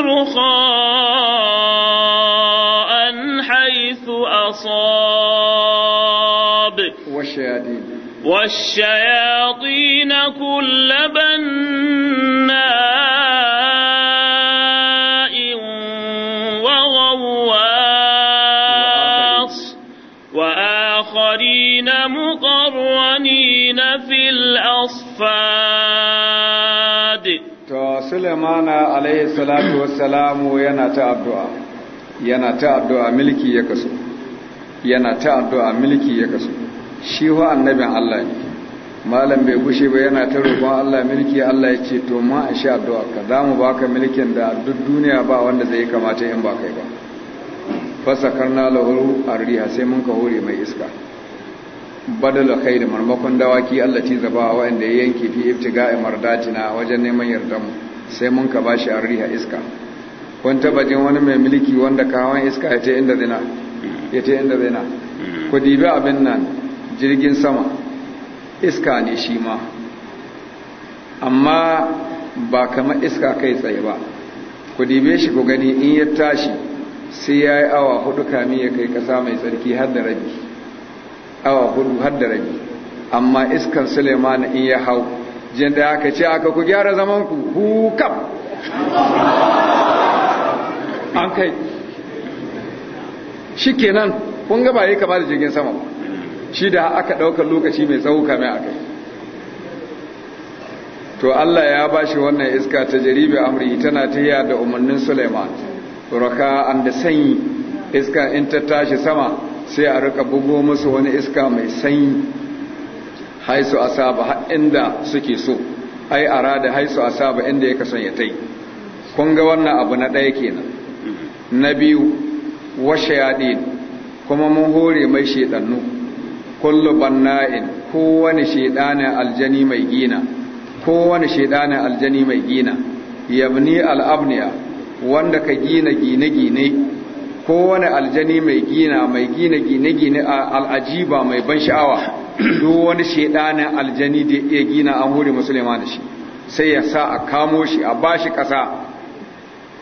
رخاء الأعصاب والشياطين والشياطين كل بناء وغواص وآخرين مقرنين في الأصفاد سليمان عليه الصلاة والسلام ينا تأبدعا ينا ta addu'a milki yana ta addu'a miliki ya kaso shi wa annabin Allah ne malam bai gushe ba yana ta roƙon Allah mulki Allah ya ce to ma a sha addu'a ka da mu baka milikin da duk duniya ba wanda zai kamata in ba kai ba fasa na lahu a sai mun ka hore mai iska badala kai da marmakon dawaki Allah ci zaba wa'anda ya yanke fi ibtiga'i mardatina wajen neman yardan sai mun ka bashi a iska kun taba jin wani mai miliki wanda kawon iska ya ce inda zina ya ta yadda zai na ku dibi abin nan jirgin sama iska ne shi ma amma ba kama iska kai tsaye ba ku dibe shi ku gani in ya tashi sai ya yi awa hudu kami ya kai kasa mai tsarki har da rabi awa hudu har da rabi amma iskan suleimani in ya hau jin da aka ce aka ku gyara zamanku hukam an kai shi kenan kun gaba ya kama da jirgin sama shi da aka ɗaukar lokaci mai tsawo kame a kai to Allah ya ba shi wannan iska ta jaribe amri tana ta tahiya da umarnin suleiman raka an da sanyi iska in ta tashi sama sai a rika bugo musu wani iska mai sanyi haisu asaba har inda suke so ai arada haisu asaba inda yake son ya tai kun ga wannan abu na ɗaya kenan na biyu wa shayaɗin kuma mun hore mai shaɗannu. kullu banna'in kowane shaɗanin aljani mai gina kowane shaɗanin aljani mai gina yabni al'abniya wanda ka gina gine-gine kowane aljani mai gina mai gina gine-gine al'ajiba mai ban sha'awa duk wani shaɗanin aljani da ya gina an hore musulma da shi sai ya sa a kamo shi a bashi ƙasa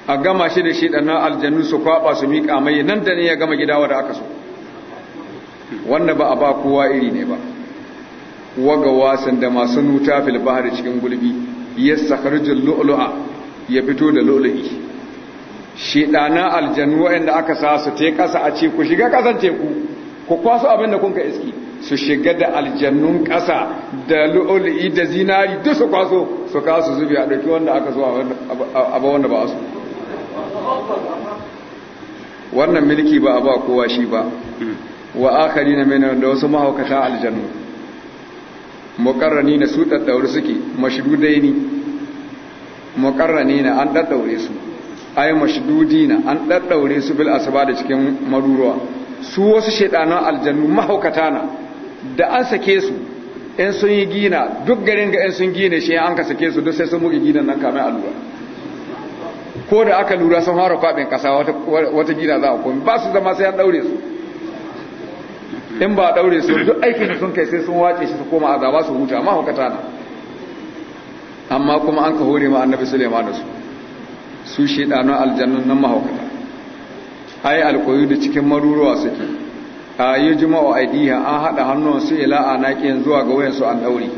a gama shi da shedannan aljannu su kwaba su miƙa mai nan da ne ya gama gidawa da aka so wanda ba a ba kowa iri ne ba waga wasan da masu nuta fil cikin gulbi ya sakharjul lu'lu'a ya fito da lu'lu'i shedannan aljannu wanda aka sa su te kasa a ce ku shiga kasan teku ku kwaso abin da kun ka iski su shiga da aljannun ƙasa da lu'lu'i da zinari duk su kwaso su kasu zubi a ɗauki wanda aka so a ba wanda ba su wannan milki ba a ba kowa shi ba hmm. wa akari na mai da wasu mahaukata aljannu mukarrani na su ɗaɗɗaure suke mashidudai ne mukarrani na an ɗaɗɗaure su ai mashidudi na an ɗaɗɗaure su bil asaba da cikin maruruwa su wasu shaidanan aljannu mahaukata na da an sake su in sun yi gina duk garin ga in sun gina shi an ka sake su duk sai sun muke gina nan kamar allura ko da aka lura sun haro faɗin ƙasa wata gina za a komi ba su zama sai an ɗaure su in ba a ɗaure su duk aikin da sun kai sai sun wace shi su koma azaba su huta ma hukata na amma kuma an ka hore ma annabi suleiman da su su shaidanun aljannun nan mahaukata ai alkoyu da cikin maruruwa suke a yi jima'o aidiya an haɗa hannun su ila a naƙin zuwa ga wayansu an ɗaure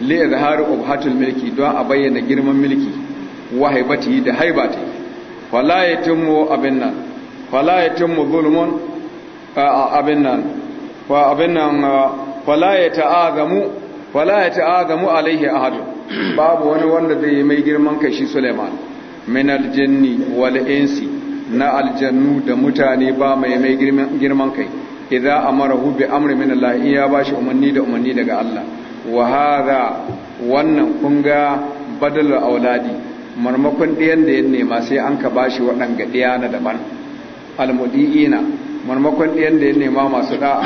li izharu ubhatul milki don a bayyana girman milki wa da haibati wala yatimmu abin nan wala yatimmu zulmun abin nan wa abin nan wala yata'azamu wala yata'azamu alaihi ahad babu wani wanda zai yi mai girman kai shi Sulaiman min aljanni wal insi na aljannu da mutane ba mai mai girman kai idza amarahu bi amri min Allah ya bashi umarni da umarni daga Allah wa hadha wannan kunga badal auladi marmakon ɗiyan da ya nema sai an ka bashi waɗanga ɗiya na daban almudi'ina marmakon ɗiyan da ya nema masu da'a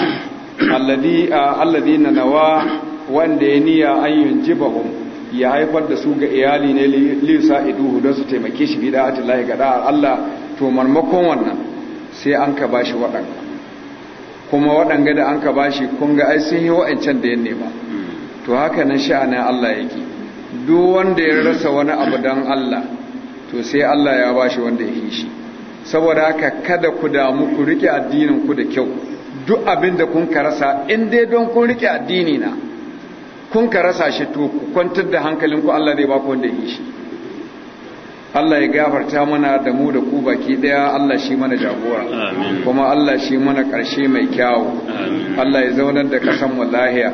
alladi na nawa wanda ya niya an yi hun ya haifar da su ga iyali ne lisa iduhu don su taimake shi bida atillahi ga ɗa'a Allah to marmakon wannan sai an ka bashi waɗanga kuma waɗanga da an ka bashi kun ga ai sun yi wa'ancan da ya nema to haka nan sha'anin Allah yake duk wanda ya rasa wani abu don Allah to sai Allah ya bashi wanda ya shi saboda haka kada ku damu ku rike addinin ku da kyau duk abin da kun rasa in dai don kun rike addini na kun rasa shi to ku kwantar da hankalinku Allah zai baku wanda ya shi Allah ya gafarta mana da mu da ku baki daya Allah shi mana jagora kuma Allah shi mana karshe mai kyawu Allah ya zaunar da kasan mu lahiya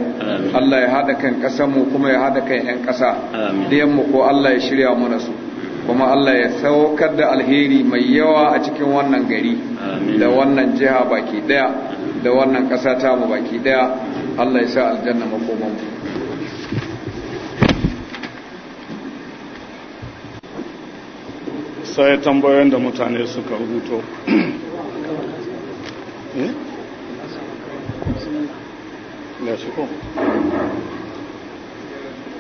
Allah ya haɗa kan kasan mu kuma ya hada kan yan ƙasa. diyan mu ko Allah ya shirya mana su kuma Allah ya saukar da alheri mai yawa a cikin wannan gari da wannan jiha baki daya da wannan ƙasa ta mu baki daya Allah ya sa aljanna makoman mu sai tambayoyin da mutane suka rubuto eh?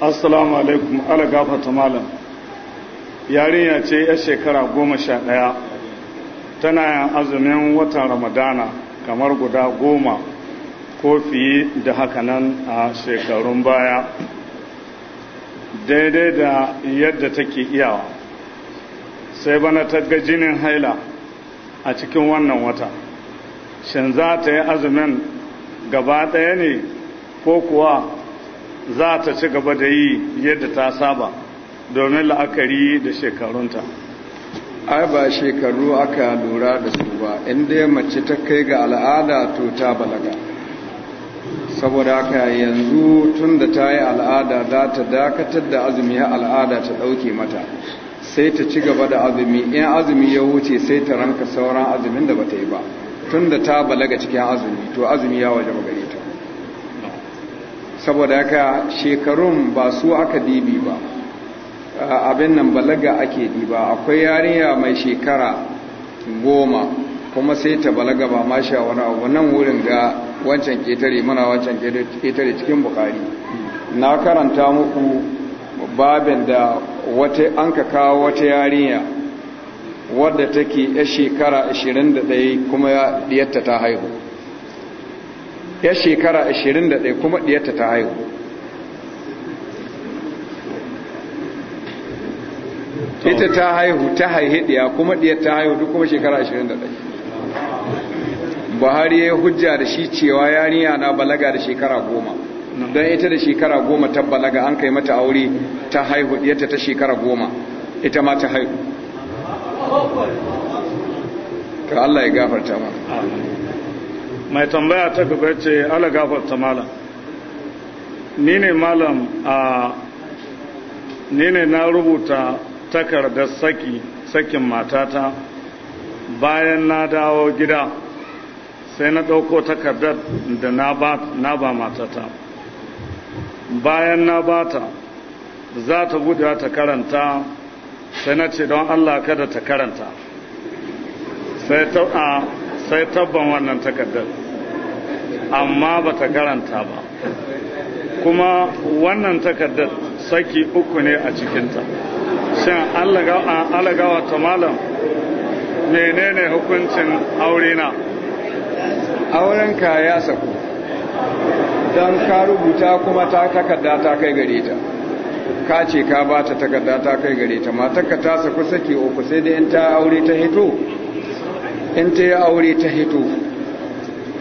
assalamu alaikum ala gafata malam yarinya ce ya shekara goma sha ɗaya tana yin azumin watan ramadana kamar guda goma ko fiye da hakanan a shekarun baya daidai da yadda take iyawa sai bana ta ga jinin haila a cikin wannan wata shin za ta yi azumin gaba ɗaya ne ko kuwa za ta ci gaba da yi yadda ta saba domin la'akari da shekarunta ai ba shekaru aka lura da su ba inda mace ta kai ga al'ada to ta balaga saboda haka yanzu tun da ta yi al'ada za ta dakatar da azumi al'ada ta ɗauke mata sai ta ci gaba da azumi in azumi ya wuce sai ta ranka sauran azumin da bata yi ba tun da ta balaga cikin azumi to azumi ya waje gare ta saboda haka shekarun ba su aka dibi ba abin nan balaga ake diba akwai yarinya mai shekara goma kuma sai ta balaga ba ma sha wani abu nan wurin ga wancan ketare mana wancan ketare cikin bukari na karanta muku babin da wata an ka kawo wata yarinya wadda take ya shekara 21 kuma diyarta ta haihu ya shekara 21 kuma diyarta ta haihu ita ta haihu ta haihe diya kuma diyar ta haihu duk kuma shekara 21 buhari ya yi hujja da shi cewa yarinya na balaga da shekara goma don ita da shekara goma ta balaga an kai mata aure ta haihu yadda ta shekara goma ita ma ta haihu ka Allah ya gafarta ma mai tambaya ta gaba ce Allah gafarta malam ni ne malam a ni ne na rubuta takardar saki sakin matata bayan na dawo gida sai na ɗauko takardar da na ba matata bayan na bata za ta guda ta karanta sai na ce don Allah kada ta karanta sai tabban wannan takardar amma ba ta karanta ba kuma wannan takardar saki uku ne a cikinta shan alagawa ta malam menene hukuncin aure na aurenka ya saku idan ka rubuta kuma ta takarda ta kai gare ta ka ce ka ba ta takarda ta kai gare ta matarka ta saku ke uku sai da in ta aure ta hito in ta yi aure ta hito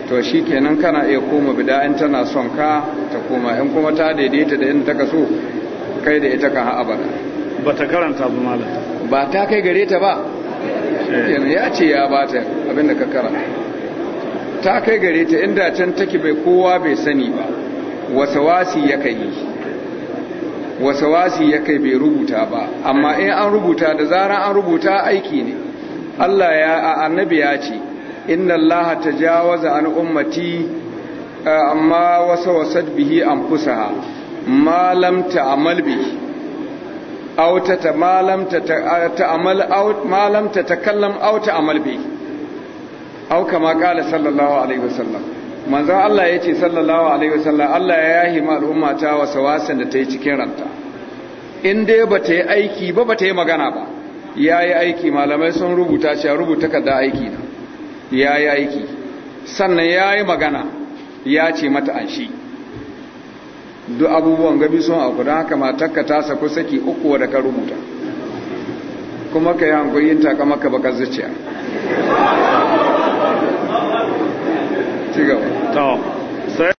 to shi kenan kana iya koma bida in tana son ka ta koma in kuma ta daidaita da in ta kaso kai da ita ka abada ba ta karanta ba malam ba ta kai gare ta ba eh. ya ce ya ba ta abinda ka karanta ta kai gare ta inda can take bai kowa bai sani ba wasawasi ya kai wasawasi ya kai bai rubuta ba amma in an rubuta da zaran an rubuta aiki ne Allah ya annabi ya ce inna Allah jawaza an ummati amma wasawasat bihi anfusaha ma lam ta'mal bihi aw ta ma lam ta amal aw ma lam takallam auta amal bihi au kama kala sallallahu alaihi wasallam manzo Allah ya ce sallallahu alaihi wasallam Allah ya yahi ma al'umma ta wasawasan da ta yi cikin ranta in dai ba ta yi aiki ba ba ta yi magana ba ya yi aiki malamai sun rubuta shi rubuta kada aiki na ya aiki sannan yayi magana ya ce mata an shi duk abubuwan gabi sun a don haka matakka ta saku saki uku da ka rubuta kuma ka yi hankoyin takamaka baka zuciya 这个到。